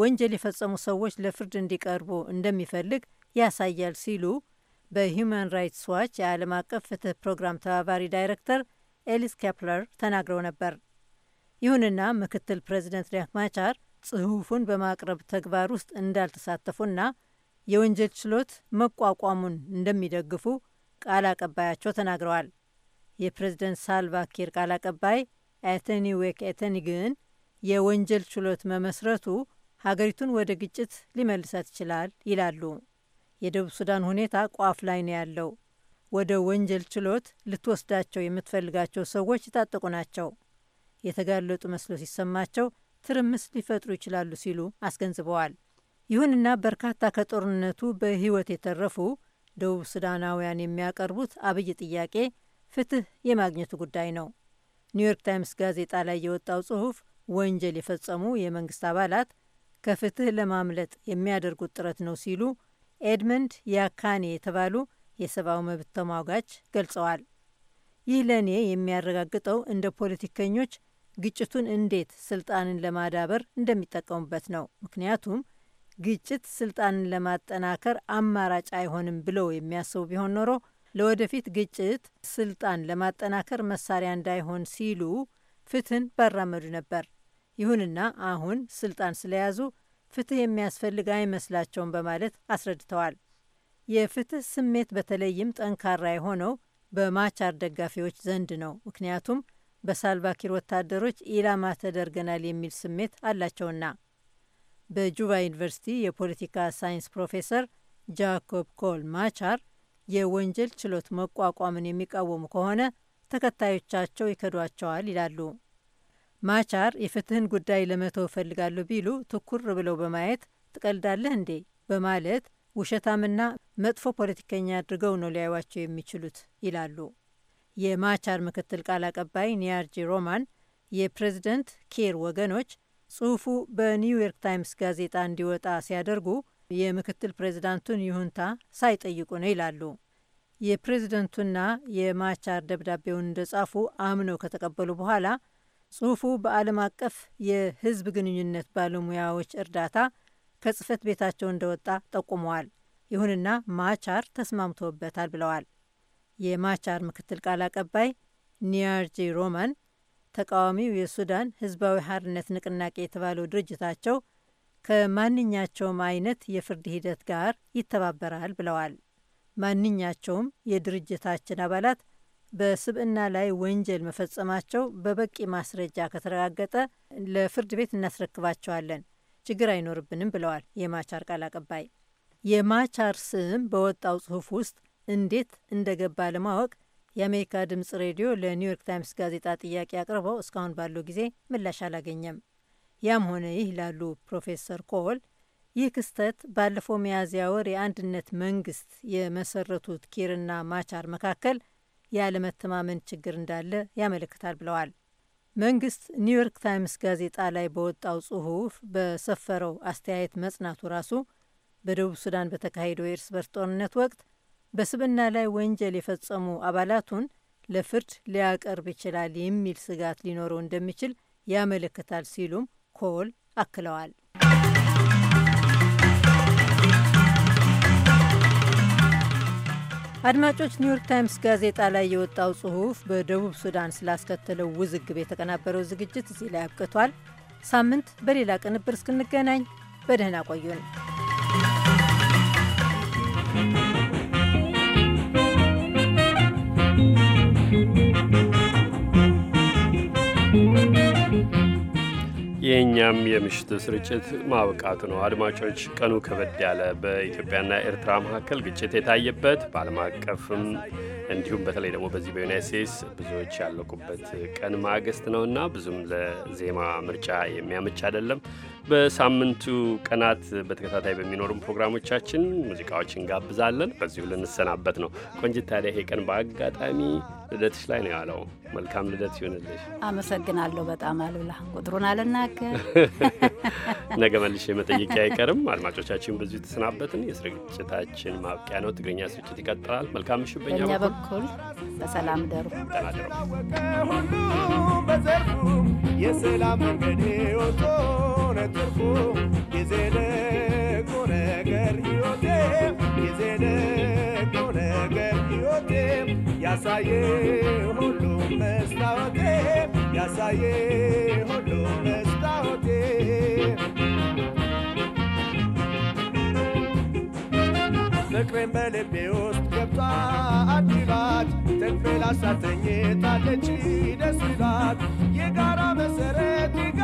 ወንጀል የፈጸሙ ሰዎች ለፍርድ እንዲቀርቡ እንደሚፈልግ ያሳያል ሲሉ በሂዩማን ራይትስ ዋች የዓለም አቀፍ ፍትህ ፕሮግራም ተባባሪ ዳይሬክተር ኤሊስ ኬፕለር ተናግረው ነበር። ይሁንና ምክትል ፕሬዚደንት ሪያክ ማቻር ጽሑፉን በማቅረብ ተግባር ውስጥ እንዳልተሳተፉና የወንጀል ችሎት መቋቋሙን እንደሚደግፉ ቃል አቀባያቸው ተናግረዋል። የፕሬዝደንት ሳልቫ ኪር ቃል አቀባይ ኤተኒ ዌክ ኤተኒ ግን የወንጀል ችሎት መመስረቱ ሀገሪቱን ወደ ግጭት ሊመልሳት ይችላል ይላሉ። የደቡብ ሱዳን ሁኔታ ቋፍ ላይ ነው ያለው። ወደ ወንጀል ችሎት ልትወስዳቸው የምትፈልጋቸው ሰዎች የታጠቁ ናቸው። የተጋለጡ መስሎ ሲሰማቸው ትርምስ ሊፈጥሩ ይችላሉ ሲሉ አስገንዝበዋል። ይሁንና በርካታ ከጦርነቱ በህይወት የተረፉ ደቡብ ሱዳናውያን የሚያቀርቡት አብይ ጥያቄ ፍትህ የማግኘቱ ጉዳይ ነው። ኒውዮርክ ታይምስ ጋዜጣ ላይ የወጣው ጽሑፍ ወንጀል የፈጸሙ የመንግስት አባላት ከፍትህ ለማምለጥ የሚያደርጉት ጥረት ነው ሲሉ ኤድመንድ ያካኔ የተባሉ የሰብአዊ መብት ተሟጋች ገልጸዋል። ይህ ለእኔ የሚያረጋግጠው እንደ ፖለቲከኞች ግጭቱን እንዴት ስልጣንን ለማዳበር እንደሚጠቀሙበት ነው። ምክንያቱም ግጭት ስልጣንን ለማጠናከር አማራጭ አይሆንም ብለው የሚያስቡ ቢሆን ኖሮ ለወደፊት ግጭት ስልጣን ለማጠናከር መሳሪያ እንዳይሆን ሲሉ ፍትህን ባራመዱ ነበር። ይሁንና አሁን ስልጣን ስለያዙ ፍትህ የሚያስፈልግ አይመስላቸውም በማለት አስረድተዋል። የፍትህ ስሜት በተለይም ጠንካራ የሆነው በማቻር ደጋፊዎች ዘንድ ነው። ምክንያቱም በሳልቫኪር ወታደሮች ኢላማ ተደርገናል የሚል ስሜት አላቸውና። በጁባ ዩኒቨርሲቲ የፖለቲካ ሳይንስ ፕሮፌሰር ጃኮብ ኮል ማቻር የወንጀል ችሎት መቋቋምን የሚቃወሙ ከሆነ ተከታዮቻቸው ይከዷቸዋል ይላሉ። ማቻር የፍትህን ጉዳይ ለመተው እፈልጋለሁ ቢሉ ትኩር ብለው በማየት ትቀልዳለህ እንዴ በማለት ውሸታምና መጥፎ ፖለቲከኛ አድርገው ነው ሊያዩዋቸው የሚችሉት ይላሉ። የማቻር ምክትል ቃል አቀባይ ኒያርጂ ሮማን የፕሬዝደንት ኬር ወገኖች ጽሁፉ በኒውዮርክ ታይምስ ጋዜጣ እንዲወጣ ሲያደርጉ የምክትል ፕሬዝዳንቱን ይሁንታ ሳይጠይቁ ነው ይላሉ። የፕሬዝደንቱና የማቻር ደብዳቤውን እንደጻፉ አምነው ከተቀበሉ በኋላ ጽሁፉ በዓለም አቀፍ የህዝብ ግንኙነት ባለሙያዎች እርዳታ ከጽህፈት ቤታቸው እንደወጣ ጠቁመዋል። ይሁንና ማቻር ተስማምቶበታል ብለዋል። የማቻር ምክትል ቃል አቀባይ ኒያርጂ ሮማን ተቃዋሚው የሱዳን ህዝባዊ ሀርነት ንቅናቄ የተባለው ድርጅታቸው ከማንኛቸውም አይነት የፍርድ ሂደት ጋር ይተባበራል ብለዋል። ማንኛቸውም የድርጅታችን አባላት በስብዕና ላይ ወንጀል መፈጸማቸው በበቂ ማስረጃ ከተረጋገጠ ለፍርድ ቤት እናስረክባቸዋለን፣ ችግር አይኖርብንም ብለዋል የማቻር ቃል አቀባይ። የማቻር ስም በወጣው ጽሁፍ ውስጥ እንዴት እንደገባ ለማወቅ የአሜሪካ ድምፅ ሬዲዮ ለኒውዮርክ ታይምስ ጋዜጣ ጥያቄ አቅርበው እስካሁን ባለው ጊዜ ምላሽ አላገኘም። ያም ሆነ ይህ ይላሉ ፕሮፌሰር ኮል፣ ይህ ክስተት ባለፈው ሚያዝያ ወር የአንድነት መንግስት የመሰረቱት ኪርና ማቻር መካከል ያለመተማመን ችግር እንዳለ ያመለክታል ብለዋል። መንግስት ኒውዮርክ ታይምስ ጋዜጣ ላይ በወጣው ጽሁፍ በሰፈረው አስተያየት መጽናቱ ራሱ በደቡብ ሱዳን በተካሄደው የእርስ በርስ ጦርነት ወቅት በስብና ላይ ወንጀል የፈጸሙ አባላቱን ለፍርድ ሊያቀርብ ይችላል የሚል ስጋት ሊኖረው እንደሚችል ያመለክታል ሲሉም ኮል አክለዋል። አድማጮች፣ ኒውዮርክ ታይምስ ጋዜጣ ላይ የወጣው ጽሑፍ በደቡብ ሱዳን ስላስከተለው ውዝግብ የተቀናበረው ዝግጅት እዚህ ላይ አብቅቷል። ሳምንት በሌላ ቅንብር እስክንገናኝ በደህና ቆዩን። የእኛም የምሽቱ ስርጭት ማብቃቱ ነው። አድማጮች፣ ቀኑ ከበድ ያለ በኢትዮጵያና ኤርትራ መካከል ግጭት የታየበት በዓለም አቀፍም እንዲሁም በተለይ ደግሞ በዚህ በዩናይት ስቴትስ ብዙዎች ያለቁበት ቀን ማግስት ነውና ብዙም ለዜማ ምርጫ የሚያመች አይደለም። በሳምንቱ ቀናት በተከታታይ በሚኖሩም ፕሮግራሞቻችን ሙዚቃዎች እንጋብዛለን። በዚሁ ልንሰናበት ነው። ቆንጅት፣ ታዲያ ይሄ ቀን በአጋጣሚ ልደትሽ ላይ ነው ያለው። መልካም ልደት ይሆንልሽ። አመሰግናለሁ በጣም አሉላ። ቁጥሩን አልናገር፣ ነገ መልሼ መጠየቅ አይቀርም። አድማጮቻችን በዚሁ ተሰናበትን። የስርጭታችን ማብቂያ ነው። ትግርኛ ስርጭት ይቀጥላል። መልካም ምሽት በኛ በኩል በኩል በሰላም ደሩ ሁሉ በዘርፉ የሰላም መንገድ ወቶ ነትርፉ የዘለቁ ነገር ሕይወቴ የዘለቁ ነገር ሕይወቴ ያሳየ ሁሉ መስታወቴ ያሳየ ሁሉ መስታወቴ ፍቅሬን በልቤ በልቧ አዲባት ተንፈላ ሳተኝታለች ደስታት የጋራ መሰረት